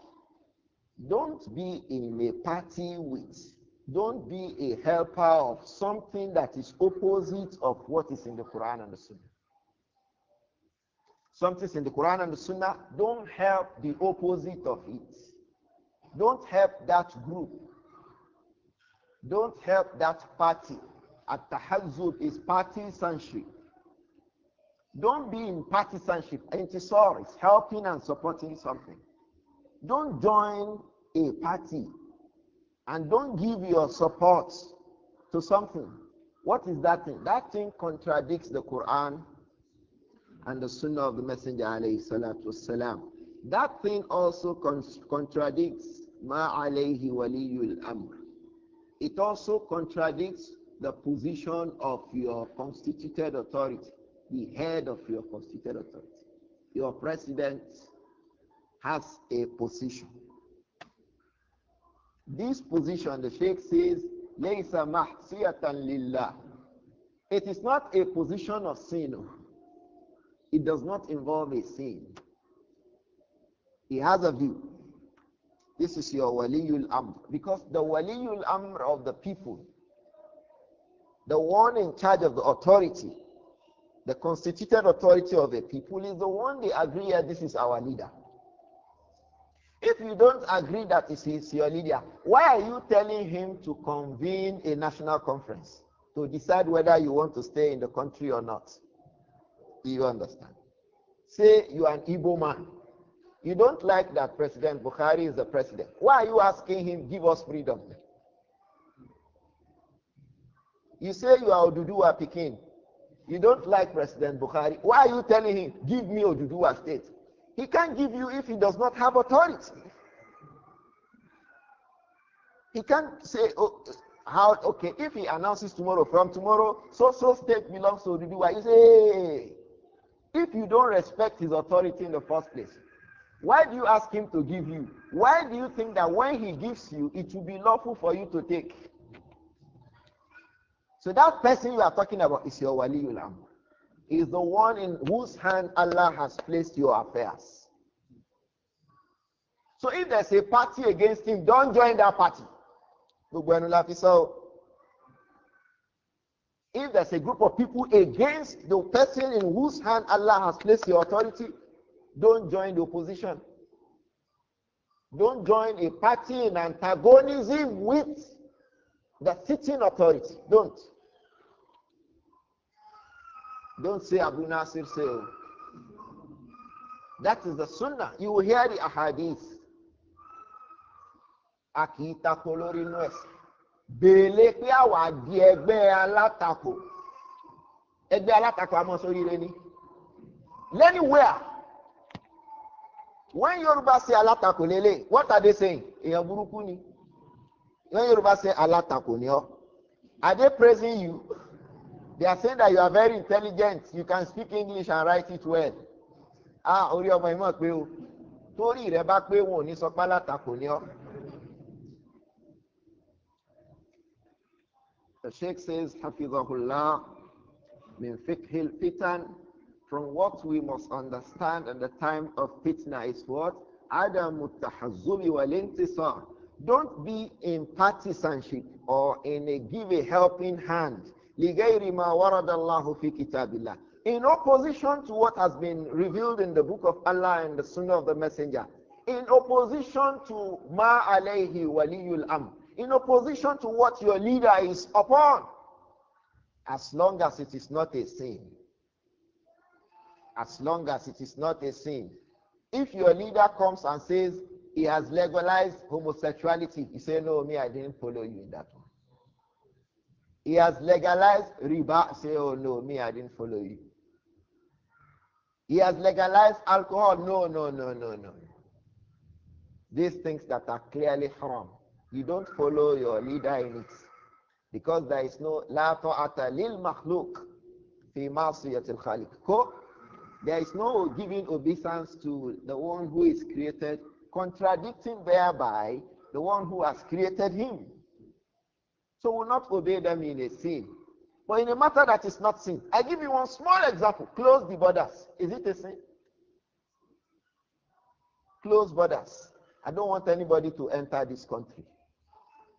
[SPEAKER 2] Don't be in a party with, don't be a helper of something that is opposite of what is in the Quran and the Sunnah. Something's in the Quran and the Sunnah, don't help the opposite of it. Don't help that group. Don't help that party. At-tahazub is sanctuary. Don't be in partisanship. Antisor is helping and supporting something. Don't join a party and don't give your support to something. What is that thing? That thing contradicts the Quran and the Sunnah of the Messenger That thing also contradicts ma alayhi waliyul amr. It also contradicts the position of your constituted authority the head of your constituted authority. Your president has a position. This position, the Sheikh says, لَيْسَ مَحْسِيَةً lillah. It is not a position of sin. It does not involve a sin. He has a view. This is your Waliyul Amr. Because the Waliyul Amr of the people, the one in charge of the authority, the constituted authority of the people is the one they agree that this is our leader. If you don't agree that this is your leader, why are you telling him to convene a national conference to decide whether you want to stay in the country or not? Do you understand? Say you are an Igbo man. You don't like that President Buhari is the president. Why are you asking him, give us freedom? You say you are Oduduwa Peking. You don't like President Buhari. Why are you telling him, give me Oduduwa state? He can't give you if he does not have authority. He can't say, oh, how, okay, if he announces tomorrow, from tomorrow, so so state belongs to Oduduwa. You say, hey. if you don't respect his authority in the first place, why do you ask him to give you? Why do you think that when he gives you, it will be lawful for you to take? So that person you are talking about is your wali ulam, Is the one in whose hand Allah has placed your affairs. So if there's a party against him, don't join that party. If there's a group of people against the person in whose hand Allah has placed your authority, don't join the opposition. Don't join a party in antagonism with the sitting authority. Don't. Don't say Abu Nasir say. Oh. That is the sunnah. You will hear the ahadith. Akitako lórí inú ẹ̀sìn. Bèèlè pé àwa di ẹgbẹ́ alátakò. Ẹgbẹ́ alátakò àmọ́ sórí rẹ ni. Anywhere. When Yoruba say alátakò lélẹ̀, what are they saying? Èèyàn burúkú ni. When Yoruba say alátakò ni ọ́, are they praising you? They are saying that you are very intelligent. You can speak English and write it well. Ah, orí ọmọ yìí mọ̀ pé o. Torí rẹ bá pé wọn ò ní sọ pé alátakò ni so pe ni o The Sheikh says, Hafizahullah, min fikhil fitan, from what we must understand at the time of fitna is what? Adam mutahazumi Walintisa. Don't be in partisanship or in a give a helping hand لِغَيْرِ مَا وَرَدَ اللَّهُ فِي كِتَابِ اللَّهِ In opposition to what has been revealed in the book of Allah and the sunnah of the messenger. In opposition to مَا عَلَيْهِ وَلِيُّ الْأَمْرِ In opposition to what your leader is upon. As long as it is not a sin. As long as it is not a sin. If your leader comes and says, he has legalized homosexuality. You say, no, me, I didn't follow you in that one. He has legalized riba. Say, oh no, me, I didn't follow you. He has legalized alcohol. No, no, no, no, no. These things that are clearly haram. You don't follow your leader in it. Because there is no la ta'ata lil makhluk fi ma'siyatil khaliq. There is no giving obeisance to the one who is created, contradicting thereby the one who has created him. So we'll not obey them in a sin. But in a matter that is not sin, I give you one small example. Close the borders. Is it a sin? Close borders. I don't want anybody to enter this country.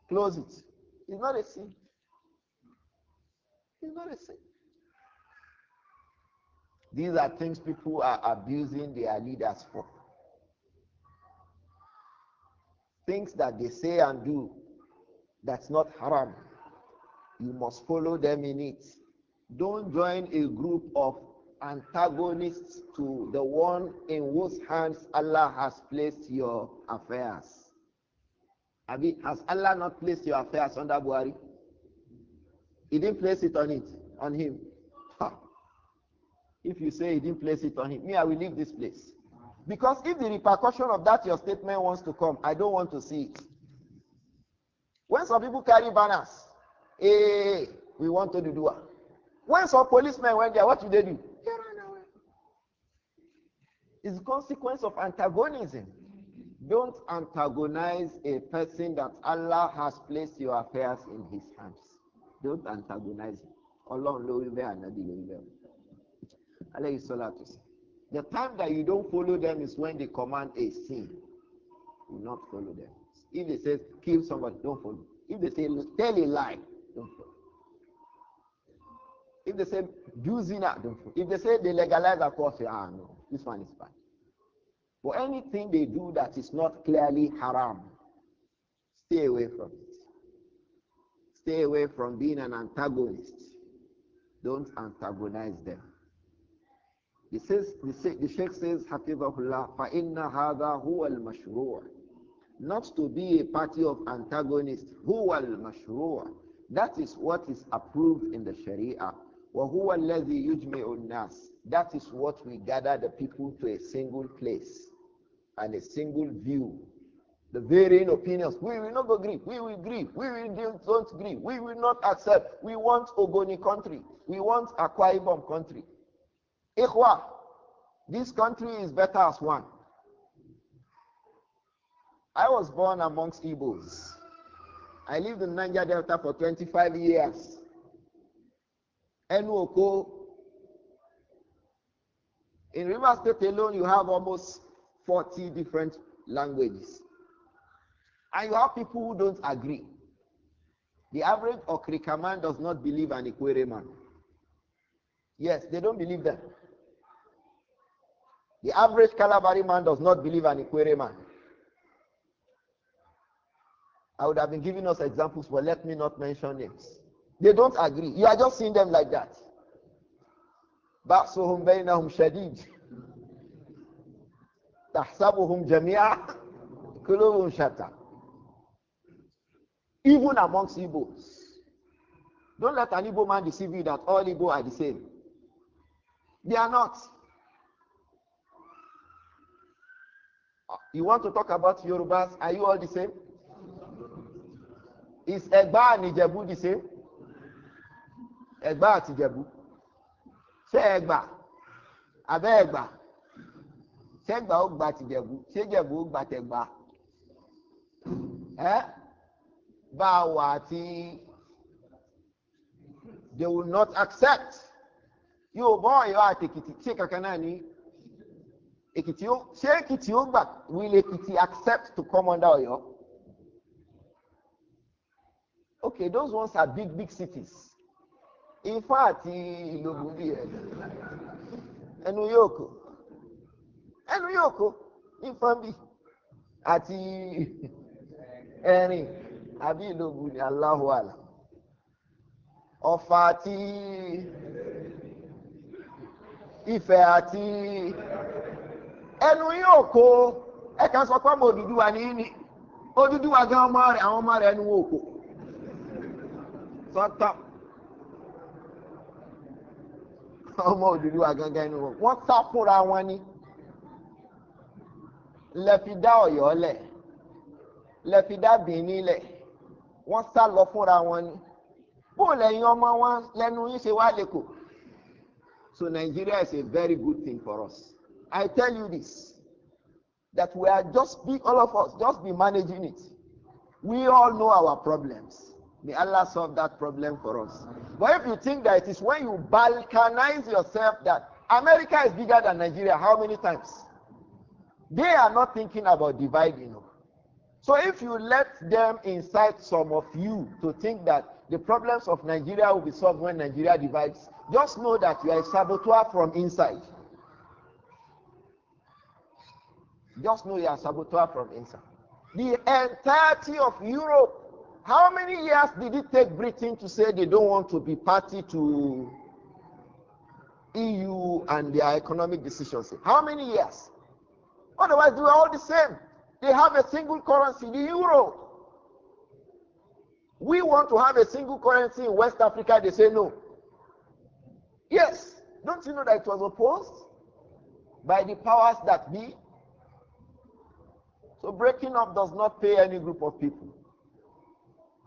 [SPEAKER 2] Close it. It's not a sin. It's not a sin. These are things people are abusing their leaders for. Things that they say and do that's not haram. You must follow them in it. Don't join a group of antagonists to the one in whose hands Allah has placed your affairs. Abi, has Allah not placed your affairs under Buhari? He didn't place it on it, on him. Ha. If you say he didn't place it on him, me, I will leave this place. Because if the repercussion of that your statement wants to come, I don't want to see it. When some people carry banners, hey, eh, we want to do dua. When some policemen went there, what did they do? They run away. It's a consequence of antagonism. Don't antagonize a person that Allah has placed your affairs in his hands. Don't antagonize him. Ọlọ́run ló rí bẹ́ẹ̀ ànábì ló rí salatu The time that you don't follow them is when they command a sin. You not follow them. If they say kill somebody, don't follow. If they say tell a lie, don't follow. If they say do zina, don't follow. If they say they legalize course, ah no, this one is bad. But anything they do that is not clearly haram, stay away from it. Stay away from being an antagonist. Don't antagonize them. He says, the, the Sheikh says, حفظه فَإِنَّ هَذَا هُوَ الْمَشْرُوعُ not to be a party of antagonists. هو المشروع. That is what is approved in the Sharia. That is what we gather the people to a single place and a single view. The varying opinions. We will not agree. We will agree. We will don't agree. We will not accept. We want Ogoni country. We want Akwa Ibom country. Ikhwa, this country is better as one. I was born amongst Igbos. I lived in Niger Delta for 25 years. Enuoko. In River State alone, you have almost 40 different languages. And you have people who don't agree. The average Okrika man does not believe an Ikwere man. Yes, they don't believe that. The average Calabari man does not believe an Ikwere man. I would have been giving us examples, but let me not mention names. They don't agree. You are just seeing them like that. بَعْصُهُمْ بَيْنَهُمْ شَدِيدٌ تَحْسَبُهُمْ جَمِيعًا قُلُوبُهُمْ شَتَّى Even amongst Igbos. Don't let an Igbo man deceive you that all Igbo are the same. They are not. You want to talk about Yorubas? Are you all the same? Is Ẹ̀gbá and Ìjẹ̀bú the same? Ẹ̀gbá àti Jebu. Ṣé Ẹ̀gbá? Abẹ́ Ẹ̀gbá? Ṣé Ẹ̀gbá ó gba Jebu. Ṣé Jebu ó gba tẹ̀gbá? Ẹ́ bá a wà àti they will not accept. Yóò bọ́ Ọ̀yọ́ àti Èkìtì ṣé kankan náà ní Èkìtì ó ṣé Èkìtì ó gbà will Èkìtì accept to come under Ọ̀yọ́? Okay, those ones are big, big cities. In fact, ìlògùn bí ẹ ẹnu yóò kó ẹnu yóò kó ìfọ̀nbí àti ẹ̀rìn àbí ìlògùn ní Allahu àlà ọ̀fà àti ìfẹ́ àti ẹnu yóò kó ẹ̀ka sọ pé ọmọ Odùduwà ní ní Odùduwà gan ọmọ rẹ̀ àwọn ọmọ rẹ̀ ẹnu wò kó sọ́tọ̀ ọmọ Odùduwà gangan ni wọn wọ́n sá fúnra wọn ni lẹ́fidá Ọ̀yọ́ lẹ̀ lẹ́fidá Bìíní lẹ̀ wọ́n sá lọ fúnra wọn ni bóun lẹ́yìn ọmọ wọn lẹ́nu yín ṣe wá lẹ́kọ̀ọ́ so Nigeria is a very good thing for us I tell you this that we are just be all of us just be managing it we all know our problems. May Allah solve that problem for us. But if you think that it is when you balkanize yourself that America is bigger than Nigeria, how many times? They are not thinking about dividing. You know. So if you let them incite some of you to think that the problems of Nigeria will be solved when Nigeria divides, just know that you are a saboteur from inside. Just know you are a saboteur from inside. The entirety of Europe how many years did it take Britain to say they don't want to be party to EU and their economic decisions? How many years? Otherwise, they were all the same. They have a single currency, the euro. We want to have a single currency in West Africa. They say no. Yes. Don't you know that it was opposed by the powers that be? So breaking up does not pay any group of people.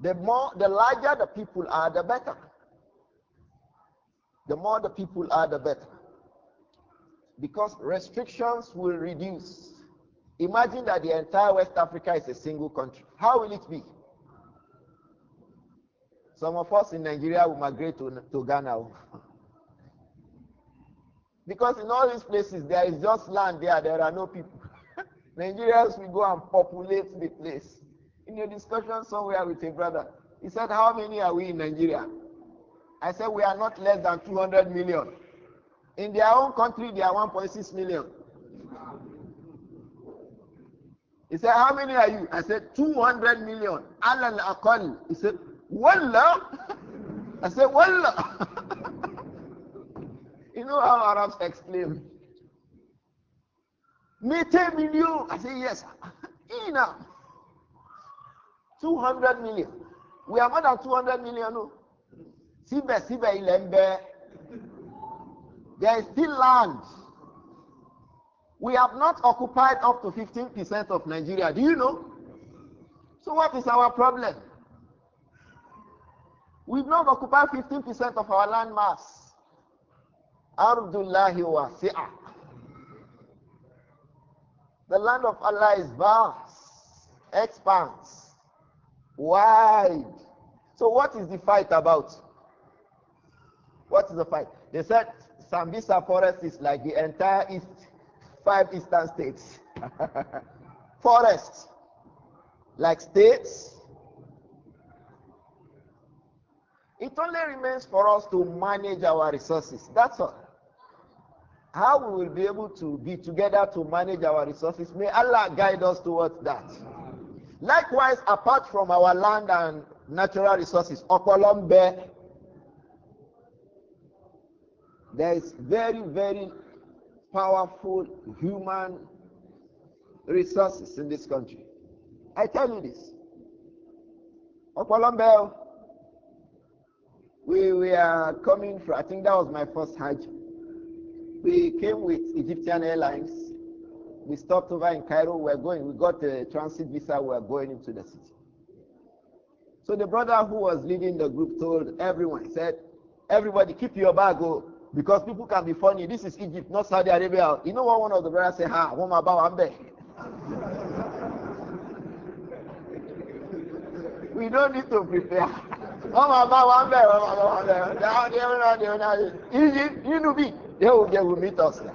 [SPEAKER 2] The more, the larger the people are, the better. The more the people are, the better. Because restrictions will reduce. Imagine that the entire West Africa is a single country. How will it be? Some of us in Nigeria will migrate to, to Ghana. because in all these places, there is just land there, there are no people. Nigerians will go and populate the place in a discussion somewhere with a brother. He said, How many are we in Nigeria? I said, We are not less than 200 million. In their own country, they are 1.6 million. He said, How many are you? I said, 200 million. Alan Akon. He said, "Walla." I said, "Walla." you know how Arabs exclaim. Mete million. I said, Yes. Enough. 200 million. We are more than 200 million. No? Sibe, Sibe, Ilembe. There is still land. We have not occupied up to 15% of Nigeria. Do you know? So, what is our problem? We've not occupied 15% of our land mass. wa wasi'ah. The land of Allah is vast, expanse. Wide. So what is the fight about? What is the fight? They said Sambisa forest is like the entire east, five eastern states. forest, like states. It only remains for us to manage our resources. That's all. How we will be able to be together to manage our resources. May Allah guide us towards that. Likewise, apart from our land and natural resources, Okolombe, there is very, very powerful human resources in this country. I tell you this. Okolombe, oh, we are coming from, I think that was my first Hajj. We came with Egyptian Airlines we stopped over in Cairo. We're going. We got a transit visa. We're going into the city. So the brother who was leading the group told everyone, he said, everybody keep your bag, oh, because people can be funny. This is Egypt, not Saudi Arabia. You know what one of the brothers said, ha, home about Ambe. we don't need to prepare. Egypt, you know me. They will, they will meet us. There.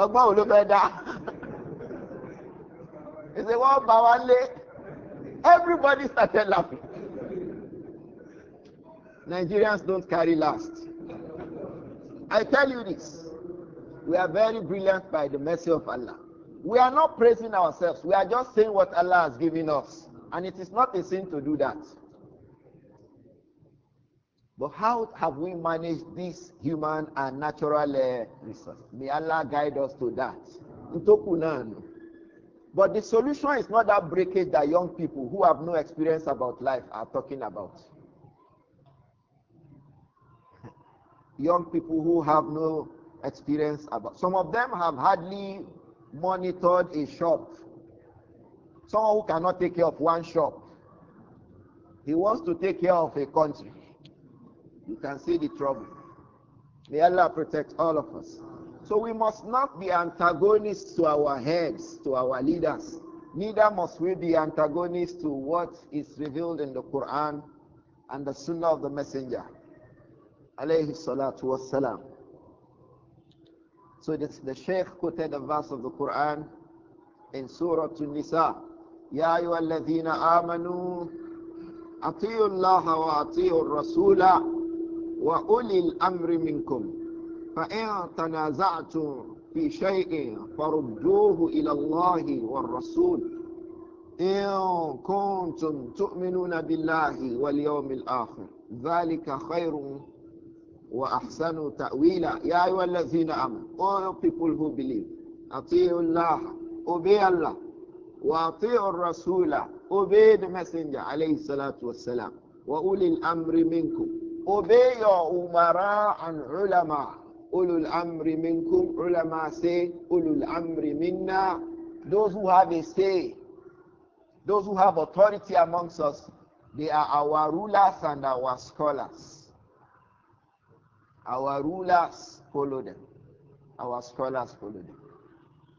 [SPEAKER 2] ọgbọ́n wo ló fẹ́ dá ìṣe wọ́n bá wa lé everybody started laughing Nigerians don't carry last I tell you this we are very brilliant by the mercy of Allah we are not praising ourselves we are just saying what Allah has given us and it is not a sin to do that. But how have we managed this human and natural uh, resource? May Allah guide us to that. But the solution is not that breakage that young people who have no experience about life are talking about. young people who have no experience about some of them have hardly monitored a shop. Someone who cannot take care of one shop. He wants to take care of a country. You can see the trouble. May Allah protect all of us. So we must not be antagonists to our heads, to our leaders. Neither must we be antagonists to what is revealed in the Quran and the Sunnah of the Messenger. Alayhi salatu wassalam. So this, the Shaykh quoted a verse of the Quran in Surah An-Nisa. يا أيها amanu آمنوا wa الله وأطيعوا وأولي الأمر منكم فإن تنازعتم في شيء فردوه إلى الله والرسول إن كنتم تؤمنون بالله واليوم الآخر ذلك خير وأحسن تأويلا يا أيها الذين آمنوا all people who believe أطيعوا الله أبي الله وأطيعوا الرسول أبي the عليه الصلاة والسلام وأولي الأمر منكم Obey your umara and ulama. Ulul amri minkum, ulama say, ulul amri minna. Those who have a say, those who have authority amongst us, they are our rulers and our scholars. Our rulers follow them. Our scholars follow them.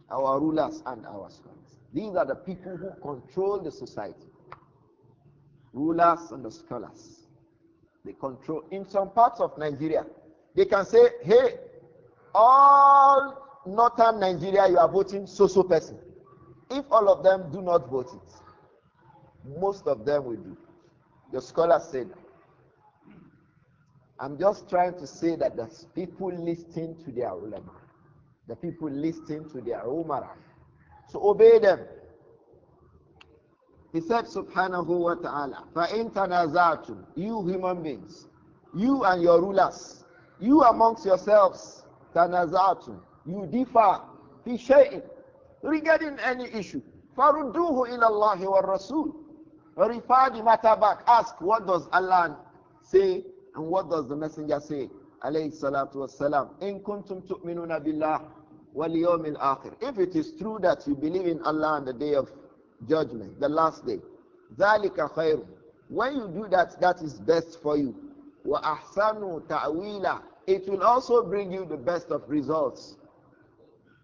[SPEAKER 2] Our rulers and our scholars. These are the people who control the society. Rulers and the scholars. They control in some parts of Nigeria. They can say, hey, all northern Nigeria, you are voting so so person. If all of them do not vote it, most of them will do. The scholar said, I'm just trying to say that the people listening to their ulama, the people listening to their umara, so obey them. He said, Subhanahu wa ta'ala, فَإِن تَنَازَعْتُمْ You human beings, you and your rulers, you amongst yourselves, تَنَازَعْتُمْ You differ, فِي Shayin Regarding any issue, فَرُدُّوهُ إِلَى اللَّهِ وَالرَّسُولِ Refer the matter back. Ask, what does Allah say and what does the messenger say? Alayhi salatu wassalam. إِن كُنْتُمْ تُؤْمِنُونَ بِاللَّهِ وَالْيَوْمِ الْآخِرِ If it is true that you believe in Allah and the day of judgment, the last day. Zalika khairu. When you do that, that is best for you. Wa ahsanu It will also bring you the best of results.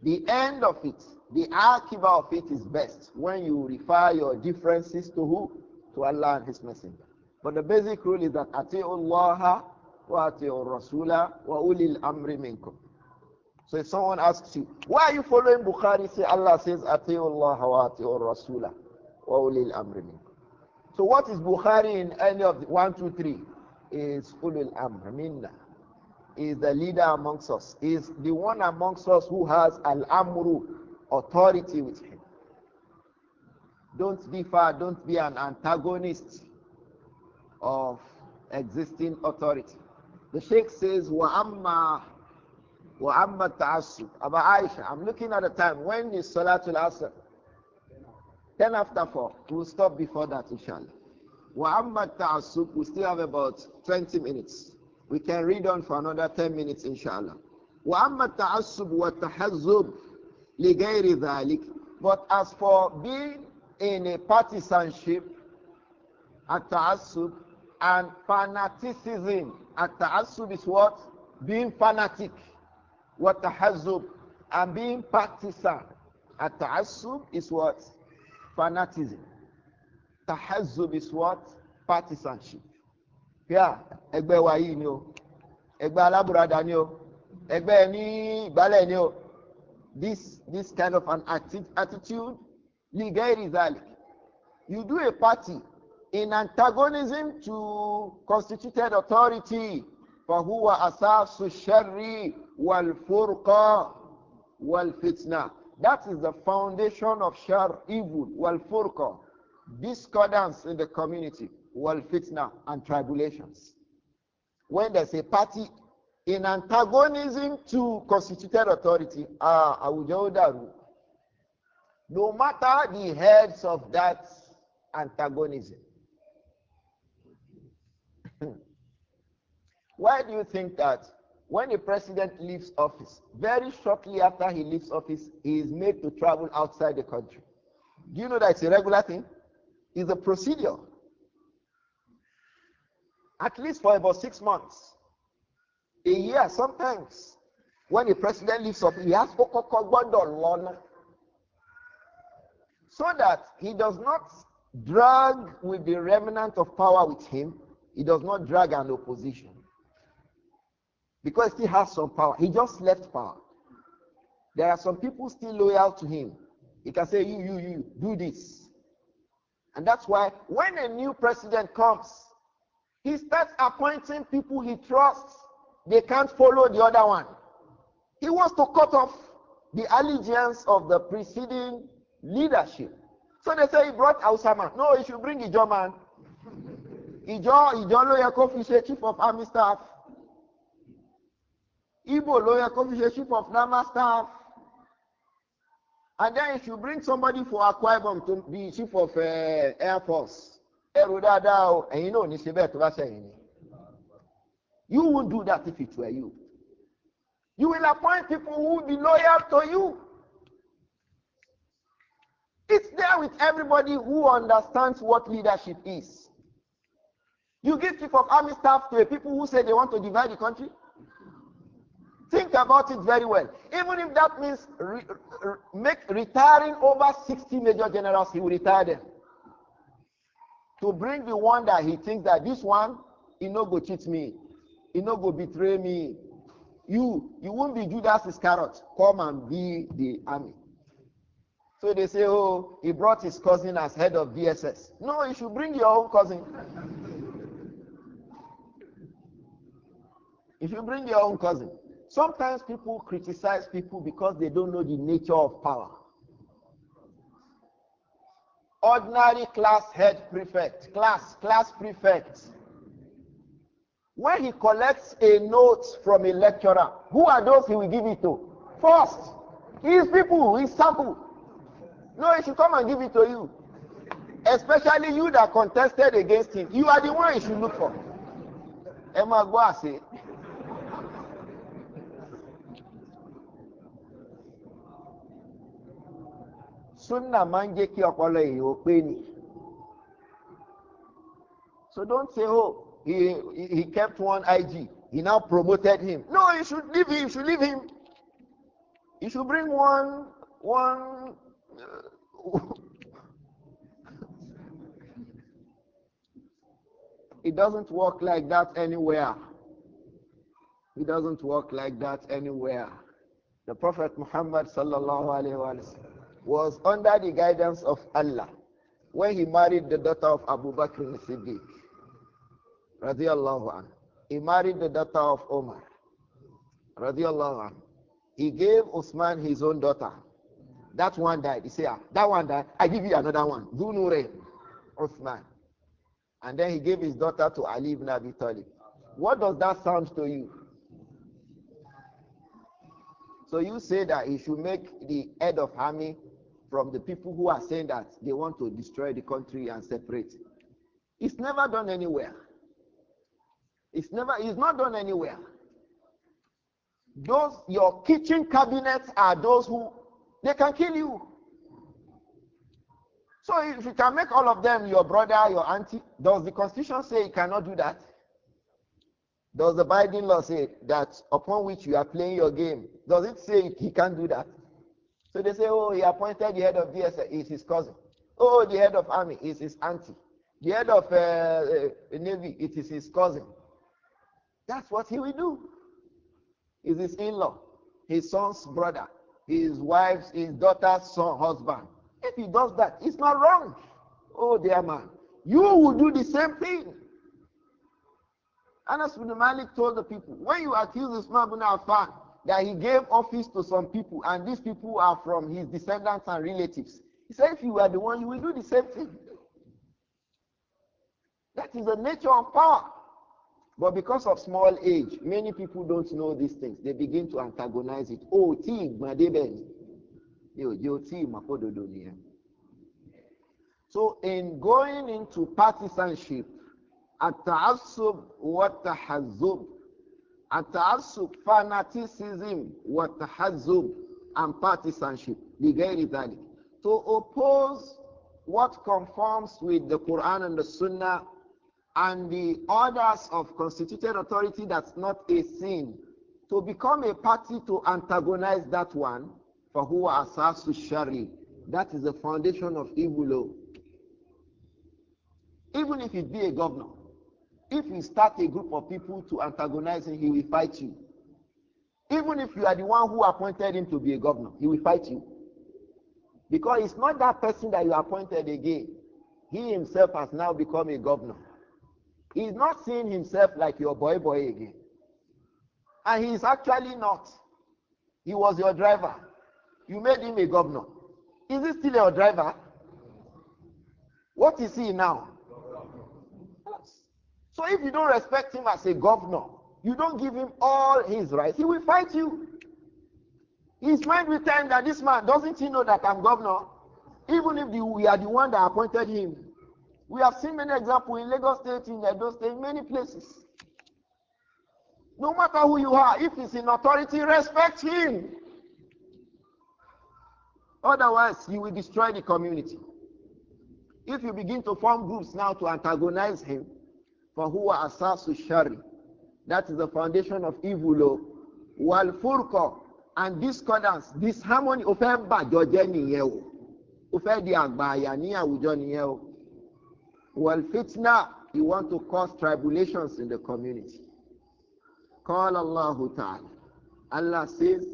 [SPEAKER 2] The end of it, the akiba of it is best when you refer your differences to who? To Allah and His Messenger. But the basic rule is that Allah wa ati'ur rasula wa ulil amri minkum. So if someone asks you, why are you following Bukhari? Say Allah says, Atiullah wa atiur Rasulah wa ulil So what is Bukhari in any of the one, two, three? Is ulil amr minna. Is the leader amongst us. Is the one amongst us who has al amru authority with him. Don't differ, don't be an antagonist of existing authority. The Sheikh says, Wa amma Wa amma ta'assub. Abu Aisha, I'm looking at the time. When is Salatul Asr? 10 after 4. We'll stop before that, inshallah. Wa amma ta'assub. We still have about 20 minutes. We can read on for another 10 minutes, inshallah. Wa amma ta'assub wa tahazzub li ghairi dhalik. But as for being in a partisanship, at ta'assub, and fanaticism, at ta'assub is what? Being fanatic. What hazub and being partisan. At hazub is what? Fanatism. hazub is what? Partisanship. Yeah, ẹgbẹ́ wa yìí ni o. Ẹgbẹ́ alábùradà ni o. Ẹgbẹ́ ní ìbálẹ̀ ni o. This this kind of an active attitude, ligayri zalik. You do a party in antagonism to constituted authority. فهو أساس الشر والفرقة والفتنة That is the foundation of shar, evil, wal discordance in the community, wal-fitna, and tribulations. When there's a party in antagonism to constituted authority, ah, No matter the heads of that antagonism, Why do you think that when a president leaves office, very shortly after he leaves office, he is made to travel outside the country? Do you know that it's a regular thing? It's a procedure. At least for about six months, a year sometimes. When the president leaves office, he has lona so that he does not drag with the remnant of power with him. He does not drag an opposition because he has some power. He just left power. There are some people still loyal to him. He can say, You, you, you, do this. And that's why when a new president comes, he starts appointing people he trusts. They can't follow the other one. He wants to cut off the allegiance of the preceding leadership. So they say he brought Osama. No, he should bring Ijo man. Ijo, Ijo Loyakov is a chief of army staff. Igbo lawyer the commissionership of Nama staff. And then you bring somebody for Akwa Ibom to be chief of uh, Air Force. Ẹ̀rù dáadáa o, ẹ̀yin náà ò You won't do that if it were you. You will appoint people who will be loyal to you. It's there with everybody who understands what leadership is. You give chief of army staff to people who say they want to divide the country. Think about it very well. Even if that means re, re, make retiring over 60 major generals, he will retire them. To bring the one that he thinks that this one, he no go cheat me, he no go betray me. You, you won't be Judas Iscariot. Come and be the army. So they say, oh, he brought his cousin as head of VSS. No, you should bring your own cousin. if you bring your own cousin, Sometimes people criticize people because they don't know the nature of power. Ordinary class head prefect, class, class prefect. When he collects a note from a lecturer, who are those he will give it to? First, his people, his sample. No, he should come and give it to you. Especially you that contested against him. You are the one he should look for. Emma Guase, jẹ́ kí ọpọlọ ò pé ni. So don't say, oh, he, he, kept one IG. He now promoted him. No, you should leave him. You should leave him. You should bring one, one. Uh, it doesn't work like that anywhere. It doesn't work like that anywhere. The Prophet Muhammad sallallahu alaihi wasallam was under the guidance of Allah when he married the daughter of Abu Bakr Siddiq. Radiallahu He married the daughter of Omar. Radiallahu He gave Osman his own daughter. That one died. He said, ah, That one died. I give you another one. Dunure. Osman. And then he gave his daughter to Ali ibn Abi Talib. What does that sound to you? So you say that he should make the head of Hami from the people who are saying that they want to destroy the country and separate. It's never done anywhere. It's never it's not done anywhere. Those your kitchen cabinets are those who they can kill you. So if you can make all of them your brother, your auntie, does the constitution say you cannot do that? Does the Biden law say that upon which you are playing your game, does it say he can't do that? So they say, oh, he appointed the head of DSA, is his cousin. Oh, the head of army is his auntie. The head of uh, uh, navy, it is his cousin. That's what he will do. Is his in-law, his son's brother, his wife's, his daughter's son, husband. If he does that, it's not wrong. Oh dear man, you will do the same thing. Anas bin Malik told the people, when you accuse this man, bin Affan that he gave office to some people, and these people are from his descendants and relatives. He said, if you are the one, you will do the same thing. That is the nature of power. But because of small age, many people don't know these things. They begin to antagonize it. Oh, ti madebe. Yo, ti makododonia. Eh? So in going into partisanship, at what wa tahazub التعصب fanaticism والتحزب and partisanship بغير ذلك to oppose what conforms with the Quran and the Sunnah and the orders of constituted authority that's not a sin to become a party to antagonize that one for who asasu shari that is the foundation of evil even if it be a governor if you start a group of people to antagonize him, he will fight you. Even if you are the one who appointed him to be a governor, he will fight you. Because it's not that person that you appointed again. He himself has now become a governor. He's not seeing himself like your boy boy again. And he is actually not. He was your driver. You made him a governor. Is he still your driver? What is he now? So if you don't respect him as a governor, you don't give him all his rights, he will fight you. His mind will tell him that this man doesn't he know that I'm governor, even if the, we are the one that appointed him. We have seen many examples in Lagos State, in Edo State, many places. No matter who you are, if he's in authority, respect him. Otherwise, you will destroy the community. If you begin to form groups now to antagonize him, فَهُوَ أَسَاسُ الشَّرِّ That is the foundation of evil. وَالْفُرْقَ And discordance, disharmony, ó fẹ́ bàjọ́ jẹ́ nìyẹn o. Ó fẹ́ di àgbà àyà ní àwùjọ nìyẹn o. o fe di agba aya ni awujo niyen o You want to cause tribulations in the community. قال الله تعالى Allah says,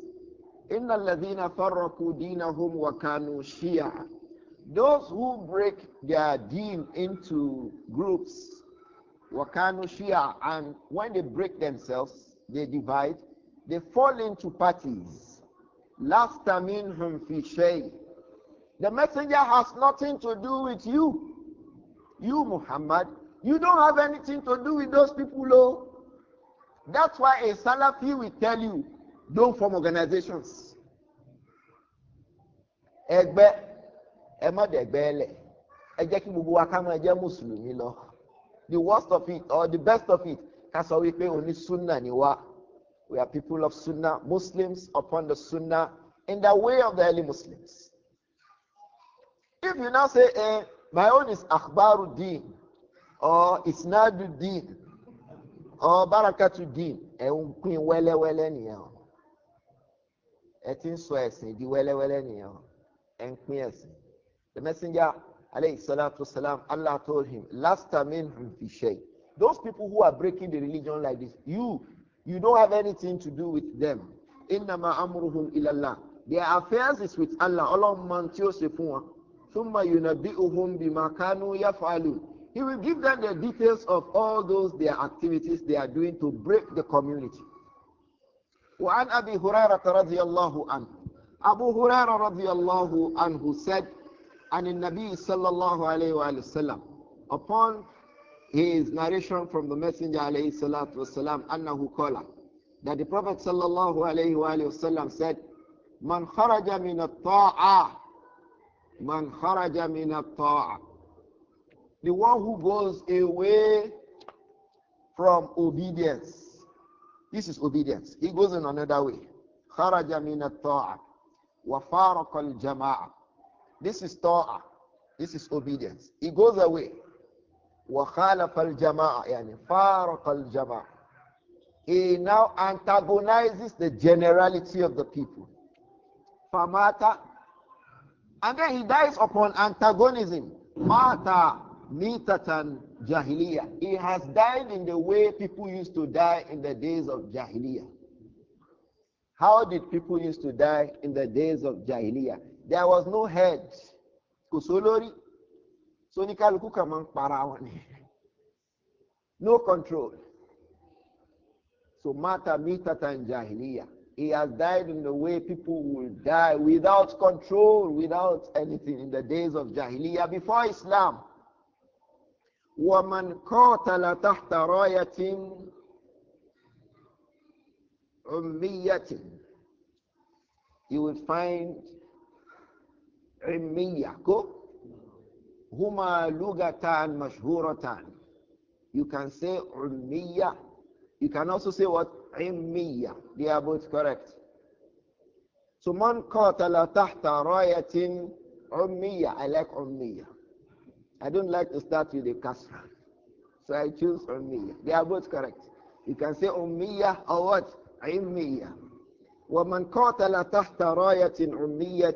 [SPEAKER 2] إِنَّ الَّذِينَ فَرَّقُوا دِينَهُمْ وَكَانُوا شِيَعًا Those who break their deen into groups Wakanu Shia. And when they break themselves, they divide, they fall into parties. Last time in shay. The messenger has nothing to do with you. You, Muhammad, you don't have anything to do with those people, though. That's why a Salafi will tell you, don't form organizations. Ẹgbẹ́ ẹ de bele, lẹ̀ kí lọ the worst of it or the best of it. That's why we pay only Sunnah Niwa. We are people of Sunnah, Muslims upon the Sunnah in the way of the early Muslims. If you now say, eh, my own is Akhbaruddin or Isnaduddin or barakatu ẹ̀ eh pín wẹ́lẹ́wẹ́lẹ́ nìyẹn o. Ẹ niyo. Etin sọ ẹ̀sìn di wẹ́lẹ́wẹ́lẹ́ nìyẹn niyo. ń The messenger alayhi salatu Allah told him, "Last time in shay. Those people who are breaking the religion like this, you, you don't have anything to do with them. Innama amruhum ilallah. Their affairs is with Allah. Allah mantio Thumma yunabi'uhum bima kanu yaf'alun. He will give them the details of all those their activities they are doing to break the community. وعن أبي هريرة رضي الله عنه أبو هريرة رضي الله عنه said and in Nabi sallallahu alayhi wa sallam upon his narration from the Messenger alayhi salatu wasalam annahu that the Prophet sallallahu alayhi wa sallam said man kharaja min at-ta'a man kharaja min at the one who goes away from obedience this is obedience he goes in another way kharaja min at wa faraqa al-jama'a this is ta'ah. This is obedience. He goes away. وَخَالَفَ الْجَمَاعَ يعني فَارَقَ الْجَمَاعَ He now antagonizes the generality of the people. فَمَاتَ And then he dies upon antagonism. Mata mitatan jahiliyah. He has died in the way people used to die in the days of jahiliyah. How did people used to die in the days of jahiliyah? there was no head kò sólórí sóníkálukú kan máa ń para wọn ni no control so mata mitata jahiliya he has died in the way people will die without control without anything in the days of jahiliya before islam woman قاتل tahta royatin أمية you will find علمية كو هما لغتان مشهورتان you can say علمية you can also say what علمية they are both correct so من قاتل تحت راية عمية I like عمية I don't like to start with the kasra so I choose عمية they are both correct you can say عمية or what علمية ومن قاتل تحت راية عمية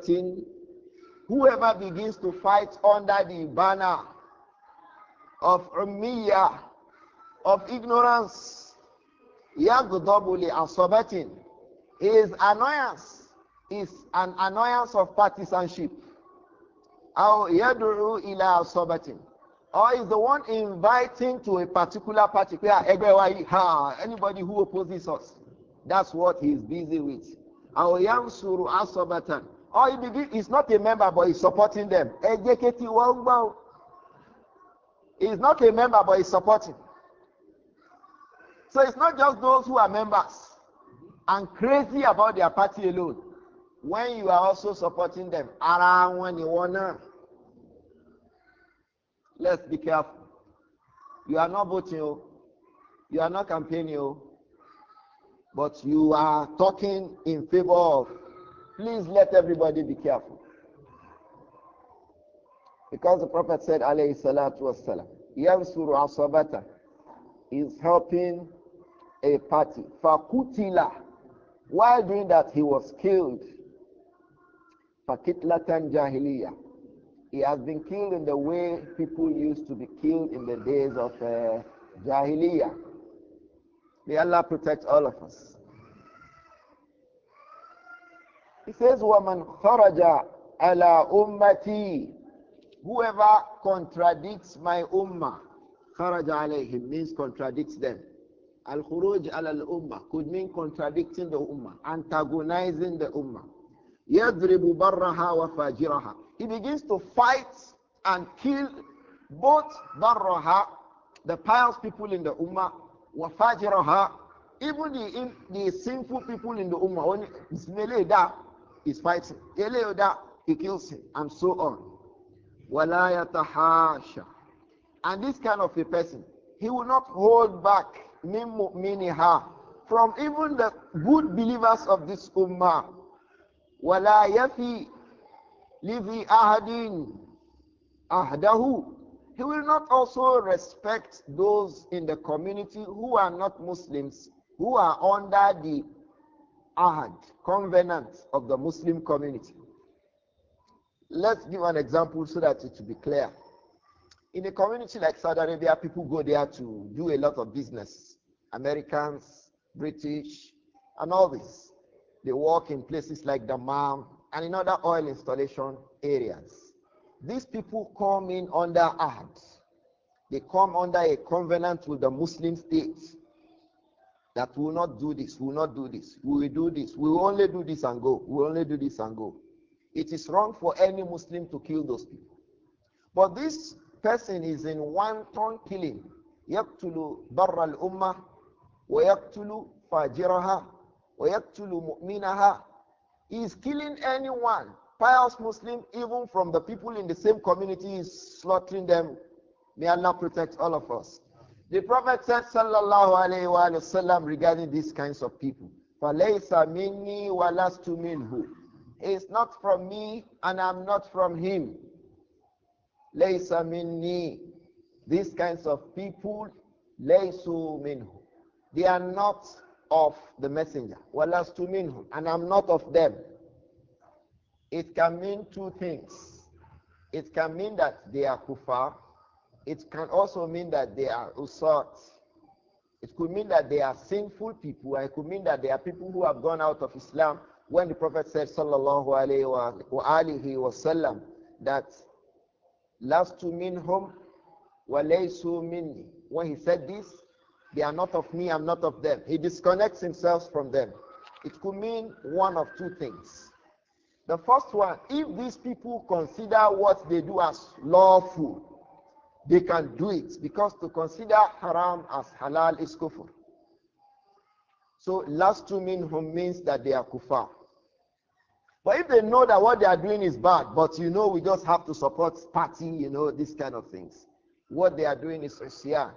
[SPEAKER 2] Whoever begins to fight under the banner of ummiya, of ignorance, and asabatin, his annoyance is an annoyance of partisanship. Aw ila asabatin. Or is the one inviting to a particular party? Ah, anybody who opposes us. That's what he's busy with. Aw yansuru asabatan IBB is not a member, but he's supporting them. AJKT Wongbo is not a member, but he's supporting. So it's not just those who are members and crazy about their party alone. When you are also supporting them,
[SPEAKER 1] around
[SPEAKER 2] you wanna. Let's be careful. You are not voting, you are not campaigning, but you are talking in favor of Please let everybody be careful. Because the Prophet said, alayhi salatu wassalam, Yansuru asabata is helping a party. Fakutila. While doing that, he was killed. Fakitlatan jahiliya. He has been killed in the way people used to be killed in the days of uh, jahiliya. May Allah protect all of us. He says, وَمَنْ خَرَجَ عَلَىٰ أُمَّتِي Whoever contradicts my ummah, خَرَجَ عَلَيْهِمْ means contradicts them. Al-khuruj al ummah could mean contradicting the ummah, antagonizing the ummah. يَضْرِبُ بَرَّهَا وَفَاجِرَهَا He begins to fight and kill both barraha, the pious people in the ummah, wafajiraha, even the, the sinful people in the ummah is fighting. Eleoda, he kills him, and so on. Walayatahasha. And this kind of a person, he will not hold back miniha from even the good believers of this ummah. Wala livi ahadin ahdahu. He will not also respect those in the community who are not Muslims, who are under the ahad, of the Muslim community. Let's give an example so that it will be clear. In a community like Saudi Arabia, people go there to do a lot of business. Americans, British, and all this. They work in places like Dammam and in other oil installation areas. These people come in under ahad. They come under a covenant with the Muslim states that will not do this, will not do this, we will do this, we will only do this and go, we will only do this and go. It is wrong for any Muslim to kill those people. But this person is in one turn killing. يقتل بر الأمة ويقتل فاجرها ويقتل مؤمنها He is killing anyone, pious Muslim, even from the people in the same community, is slaughtering them. May Allah protect all of us. The Prophet said, Sallallahu Alaihi Wasallam, regarding these kinds of people, فَلَيْسَ مِنِّي وَلَسْتُ مِنْهُ It's not from me and I'm not from him. لَيْسَ مِنِّي These kinds of people, لَيْسُ مِنْهُ They are not of the messenger. وَلَسْتُ مِنْهُ And I'm not of them. It can mean two things. It can mean that they are kuffar it can also mean that they are usat. It could mean that they are sinful people. It could mean that they are people who have gone out of Islam. When the Prophet said, Sallallahu Alaihi Wasallam, that last two minhum walaysu minni. When he said this, they are not of me, I'm not of them. He disconnects himself from them. It could mean one of two things. The first one, if these people consider what they do as lawful, they can do it because to consider haram as halal is kufr. So last two minhum means that they are kufar. But if they know that what they are doing is bad, but you know we just have to support party, you know, these kind of things. What they are doing is shia.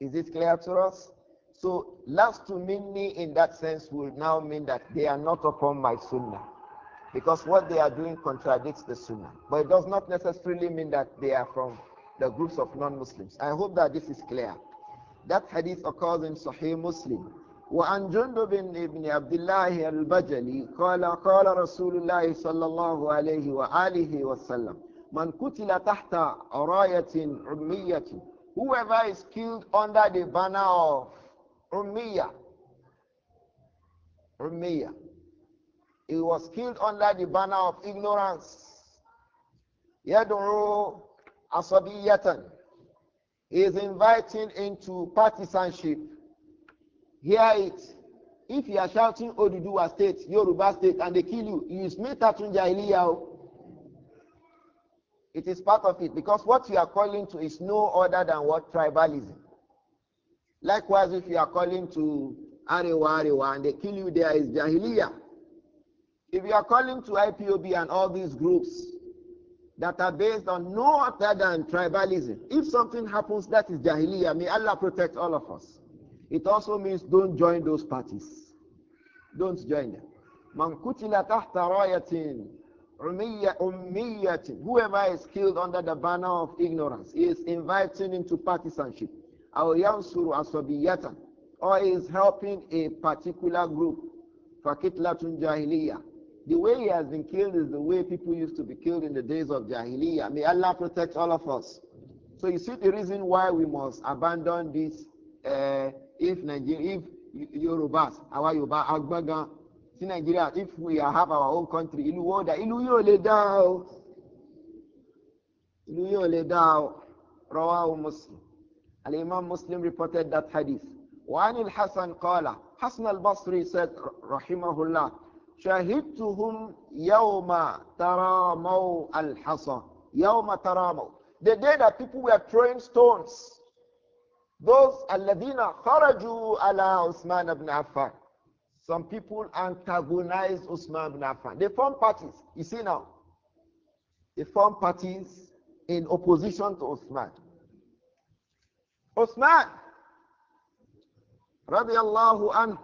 [SPEAKER 2] Is it clear to us? So last two minni in that sense will now mean that they are not upon my sunnah. Because what they are doing contradicts the sunnah. But it does not necessarily mean that they are from the groups of non-Muslims. I hope that this is clear. That hadith occurs in Sahih Muslim. وعن جندب بن عبد الله البجلي قال قال رسول الله صلى الله عليه وآله وسلم من قتل تحت راية عمية whoever is killed under the banner of Umiya Umiya he was killed under the banner of ignorance يدعو asabiyatan. He is inviting into partisanship. Hear it. If you are shouting Oduduwa state, Yoruba state, and they kill you, you is metatun jahiliya. It is part of it because what you are calling to is no other than what tribalism. Likewise, if you are calling to Arewa Arewa and they kill you, there is jahiliya. If you are calling to IPOB and all these groups, that are based on no other than tribalism. If something happens that is Jahiliyyah, may Allah protect all of us. It also means don't join those parties. Don't join them. Man kutila tahta rayatin ummiyatin. Whoever is killed under the banner of ignorance is inviting into partisanship. Aw yansuru asabiyatan. Or is helping a particular group. Fakitlatun jahiliyah the way he has been killed is the way people used to be killed in the days of Jahiliyyah. May Allah protect all of us. So you see the reason why we must abandon this uh, if Nigeria, if Yorubas, our Yoruba, Agbagan, see Nigeria, if we have our own country, ilu woda, ilu yo le dao, ilu yo le dao, Muslim. Al-Imam Muslim reported that hadith. Hasan qala, Hasan al Basri said rahimahullah. Shahidtuhum yawma taramaw al-hasa. Yawma The day that people were throwing stones. Those alladhina خَرَجُوا عَلَى Usman بْنَ Affan. Some people antagonized Usman ibn Affan. They form parties. You see now. They form parties in opposition to Usman. Usman, اللَّهُ عَنْهُ,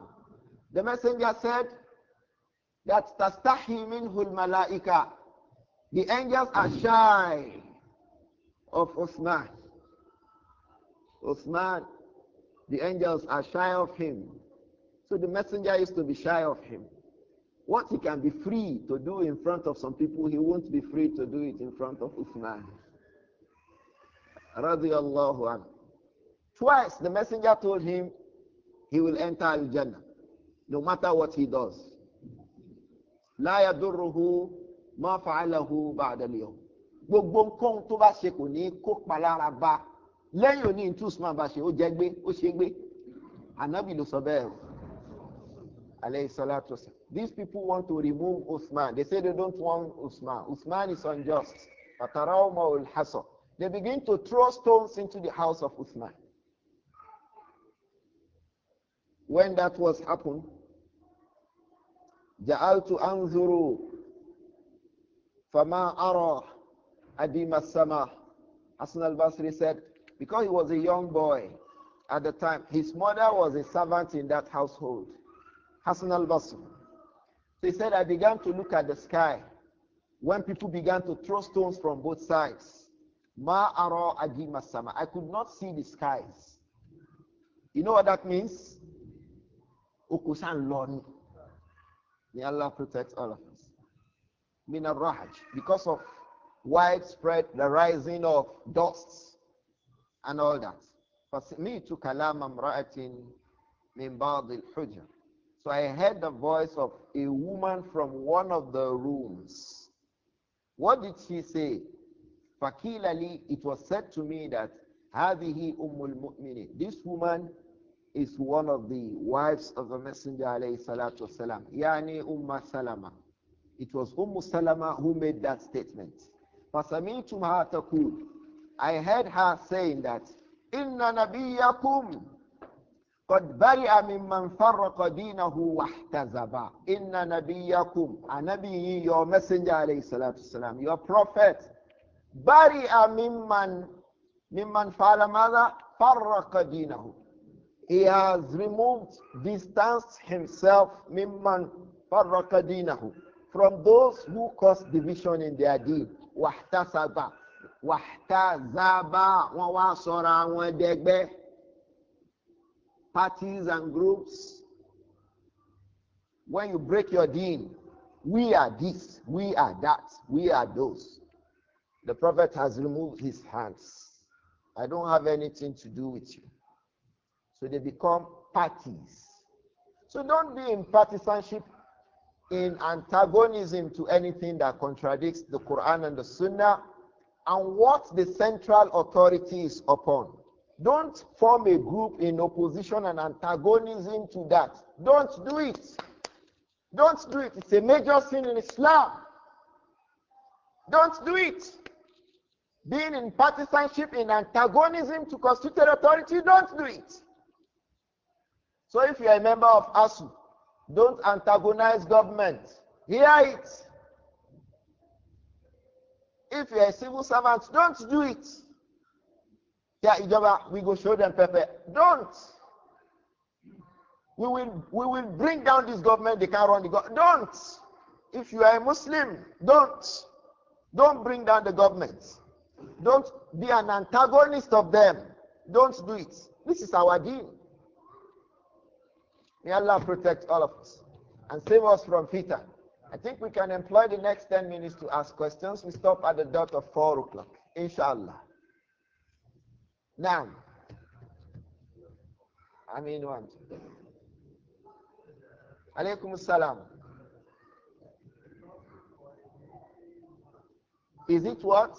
[SPEAKER 2] the messenger said, that tastahi minhu malaika. The angels are shy of Uthman. Uthman, the angels are shy of him. So the messenger used to be shy of him. What he can be free to do in front of some people, he won't be free to do it in front of Uthman. Radiallahu anhu. Twice the messenger told him he will enter Al Jannah, no matter what he does láyà dúróhù má fàálàhù gbogbo nǹkan tó bá ṣe kò ní kó palára bá lẹ́yìn òní bá ṣe ó jẹ́ gbé ó ṣe gbé ànábì ló sọ bẹ́ẹ̀ o these people want to remove usman they say they don't want usman usman is unjust atarawma olhasa they begin to throw stones into the house of usman when that was happened جعلت أنظر فما أرى أديم السماء Hassan al-Basri said, because he was a young boy at the time, his mother was a servant in that household, Hassan al-Basri. So he said, I began to look at the sky when people began to throw stones from both sides. Ma ara adima sama. I could not see the skies. You know what that means? Okusan loni. May Allah protect all of us. Min rahaj because of widespread the rising of dusts and all that. فَسْمِيتُ كَلَامَ امْرَأَةٍ مِنْ بَعْضِ الْحُجَرِ So I heard the voice of a woman from one of the rooms. What did she say? فَقِيلَ لِي It was said to me that هَذِهِ أُمُّ الْمُؤْمِنِينَ This woman is one of the wives of the Messenger alayhi salatu wasalam, Yani Umm Salama. It was Umm Salama who made that statement. فَسَمِيْتُمْهَا تَقُولُ I heard her saying that, إِنَّ نَبِيَّكُمْ قد برئ ممن فرق دينه واحتزب إن نبيكم نبي your messenger عليه الصلاة والسلام your prophet برئ ممن ممن فعل ماذا فرق دينه he has removed, distanced himself mimman farraqadinahu from those who cause division in their deed. Wahtasaba. Wahtazaba. Wọ́n wá sọ̀rọ̀ àwọn Parties and groups. When you break your deen, we are this, we are that, we are those. The Prophet has removed his hands. I don't have anything to do with you. So they become parties. So don't be in partisanship, in antagonism to anything that contradicts the Quran and the Sunnah and what the central authority is upon. Don't form a group in opposition and antagonism to that. Don't do it. Don't do it. It's a major sin in Islam. Don't do it. Being in partisanship, in antagonism to constituted authority, don't do it. So if you are a member of ASU, don't antagonize government. Hear it. If you are a civil servant, don't do it. Yeah, we go show them paper. Don't. We will, we will bring down this government. They can't run the government. Don't. If you are a Muslim, don't. Don't bring down the government. Don't be an antagonist of them. Don't do it. This is our deal. May Allah protect all of us and save us from fitan. I think we can employ the next 10 minutes to ask questions. We stop at the dot of 4 o'clock, inshallah. Now, I mean one. Alaykum salam. Is it what?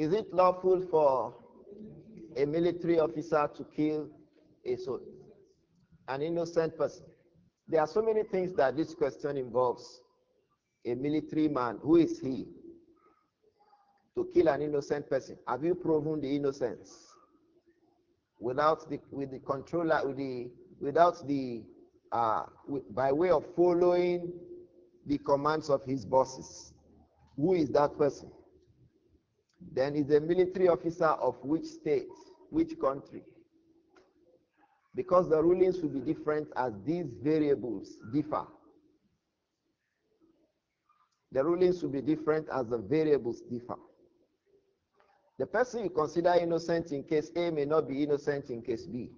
[SPEAKER 2] Is it lawful for a military officer to kill a soul, an innocent person? There are so many things that this question involves. A military man, who is he? To kill an innocent person. Have you proven the innocence? Without the with the controller with the without the uh, with, by way of following the commands of his bosses. Who is that person? Then is a military officer of which state, which country? Because the rulings will be different as these variables differ. The rulings will be different as the variables differ. The person you consider innocent in case A may not be innocent in case B.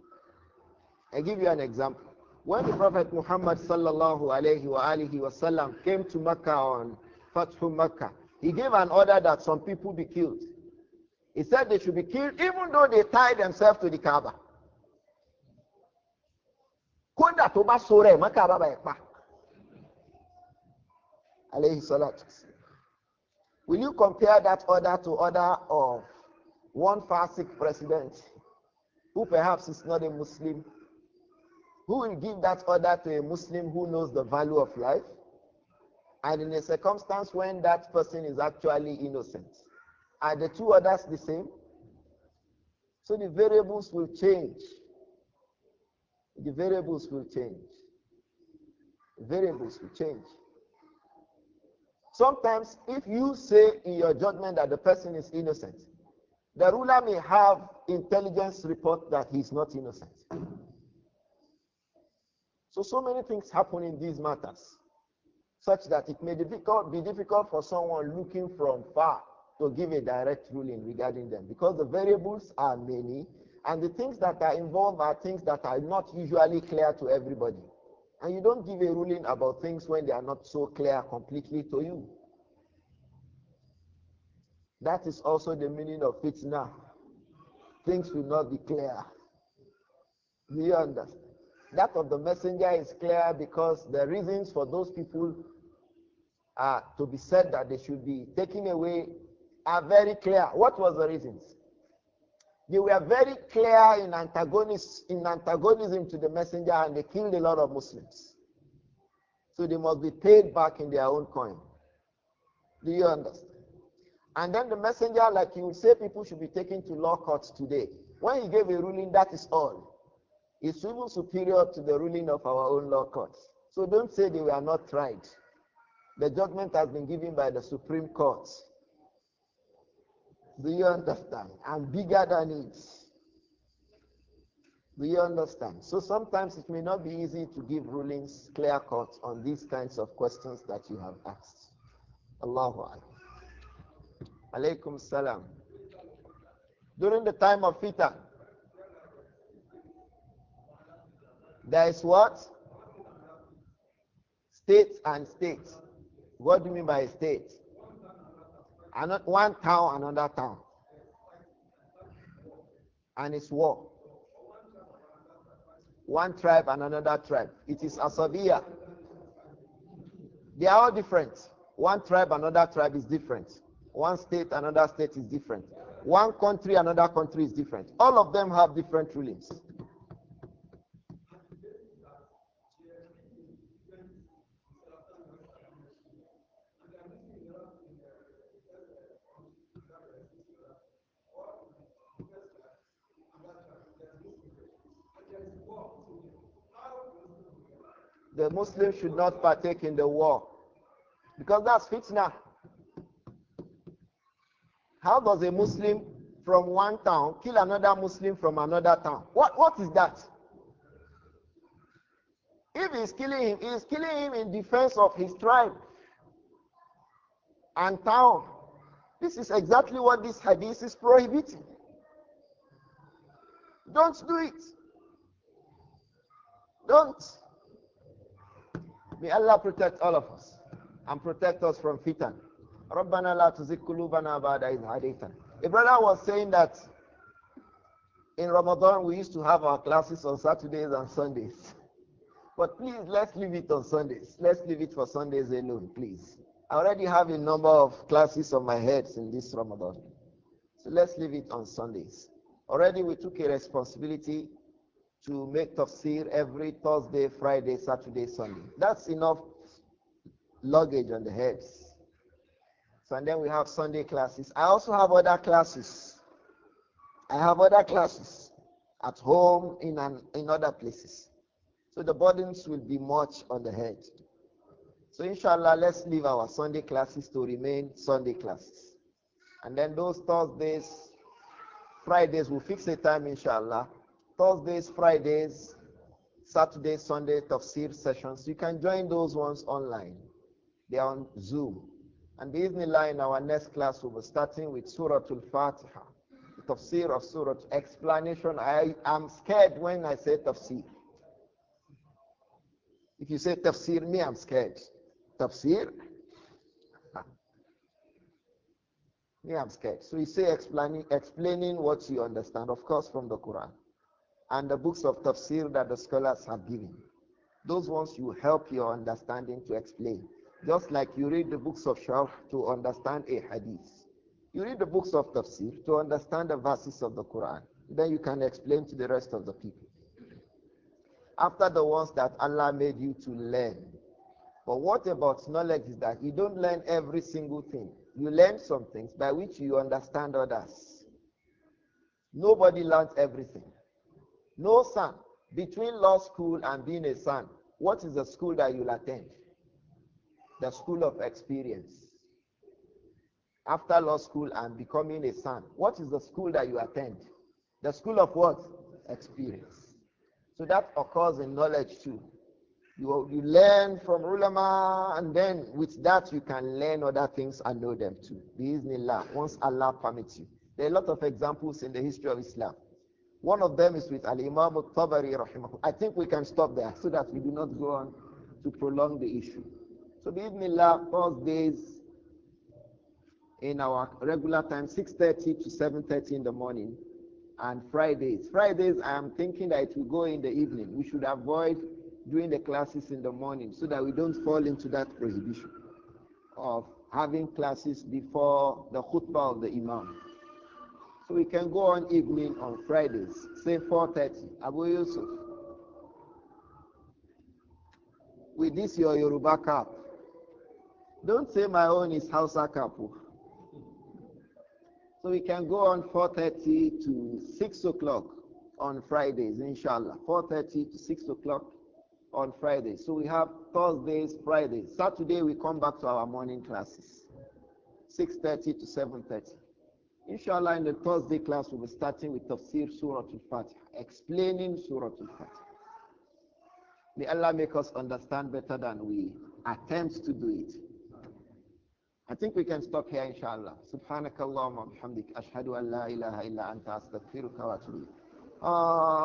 [SPEAKER 2] I give you an example. When the Prophet Muhammad sallallahu alaihi wasallam came to Mecca on Fathu Mecca, he gave an order that some people be killed. He said they should be killed even though they tied themselves to the Kaaba. bá Alayhi salatu. Will you compare that order to order of one Farsi president who perhaps is not a Muslim? Who will give that order to a Muslim who knows the value of life? and in a circumstance when that person is actually innocent. Are the two others the same? So the variables will change. The variables will change. Variables will change. Sometimes, if you say in your judgment that the person is innocent, the ruler may have intelligence report that he is not innocent. So, so many things happen in these matters such that it may difficult, be difficult for someone looking from far to give a direct ruling regarding them because the variables are many and the things that are involved are things that are not usually clear to everybody. And you don't give a ruling about things when they are not so clear completely to you. That is also the meaning of fitna. Things will not be clear. Do you understand? That of the messenger is clear because the reasons for those people to be said that they should be taken away are very clear. What was the reasons? They were very clear in, in antagonism to the messenger and they killed a lot of Muslims. So they must be paid back in their own coin. Do you understand? And then the messenger, like you would say, people should be taken to law courts today. When he gave a ruling, that is all. It's even superior to the ruling of our own law courts. So don't say they were not tried. The judgment has been given by the Supreme Court. Do you understand? And bigger than it. Do you understand? So sometimes it may not be easy to give rulings clear cut on these kinds of questions that you have asked. Allahu Akbar. Alaykum salam. During the time of fitan, There is what? States and states. What do you mean by states? One town, another town. And it's war. One tribe and another tribe. It is Asavia. They are all different. One tribe, another tribe is different. One state, another state is different. One country, another country is different. All of them have different rulings. the Muslim should not partake in the war. Because that's fitna. How does a Muslim from one town kill another Muslim from another town? What, what is that? If he's killing him, he's killing him in defense of his tribe and town. This is exactly what this hadith is prohibiting. Don't do it. Don't. May Allah protect all of us and protect us from fitan. رَبَّنَا لَا تُزِكْ قُلُوبَنَا بَعْدَ A brother was saying that in Ramadan we used to have our classes on Saturdays and Sundays. But please, let's leave it on Sundays. Let's leave it for Sundays alone, please. I already have a number of classes on my head in this Ramadan. So let's leave it on Sundays. Already we took a responsibility to make tafsir every Thursday, Friday, Saturday, Sunday. That's enough luggage on the heads. So, and then we have Sunday classes. I also have other classes. I have other classes at home, in, an, in other places. So the burdens will be much on the head. So inshallah, let's leave our Sunday classes to remain Sunday classes. And then those Thursdays, Fridays, we'll fix a time inshallah Thursdays, Fridays, Saturday, Sunday tafsir sessions. You can join those ones online. They are on Zoom. And bismillah, in our next class, we'll be starting with Surah Al-Fatiha, tafsir of Surah explanation. I am scared when I say tafsir. If you say tafsir, me, I'm scared. Tafsir? me, I'm scared. So you say explaining, explaining what you understand, of course, from the Quran and the books of tafsir that the scholars have given. Those ones you help your understanding to explain. Just like you read the books of Sharh to understand a hadith. You read the books of tafsir to understand the verses of the Quran. Then you can explain to the rest of the people. After the ones that Allah made you to learn. But what about knowledge is that you don't learn every single thing. You learn some things by which you understand others. Nobody learns everything. No son. Between law school and being a son, what is the school that you'll attend? The school of experience. After law school and becoming a son, what is the school that you attend? The school of what? Experience. So that occurs in knowledge too. You, you learn from ulama, and then with that you can learn other things and know them too. Bismillah, once Allah permits you. There are a lot of examples in the history of Islam. One of them is with Al Imam al Tabari. I think we can stop there so that we do not go on to prolong the issue. So, Bismillah, Thursdays in our regular time, 6.30 to 7.30 in the morning, and Fridays. Fridays, I am thinking that it will go in the evening. We should avoid doing the classes in the morning so that we don't fall into that prohibition of having classes before the khutbah of the imam. So we can go on evening on Fridays, say 4.30, Abu Yusuf. With this your Yoruba cap. Don't say my own is Hausa cap. Oh. So we can go on 4.30 to 6 o'clock on Fridays, inshallah. 4.30 to 6 o'clock on Fridays. So we have Thursdays, Fridays. Saturday we come back to our morning classes. 6.30 to 7.30. Inshallah, in the Thursday class, we'll be starting with Tafsir Surah Al-Fatiha, explaining Surah Al-Fatiha. May Allah make us understand better than we attempt to do it. I think we can stop here, inshallah. Subhanakallahumma bihamdik. Ashhadu an la ilaha illa anta astaghfiruka wa atubu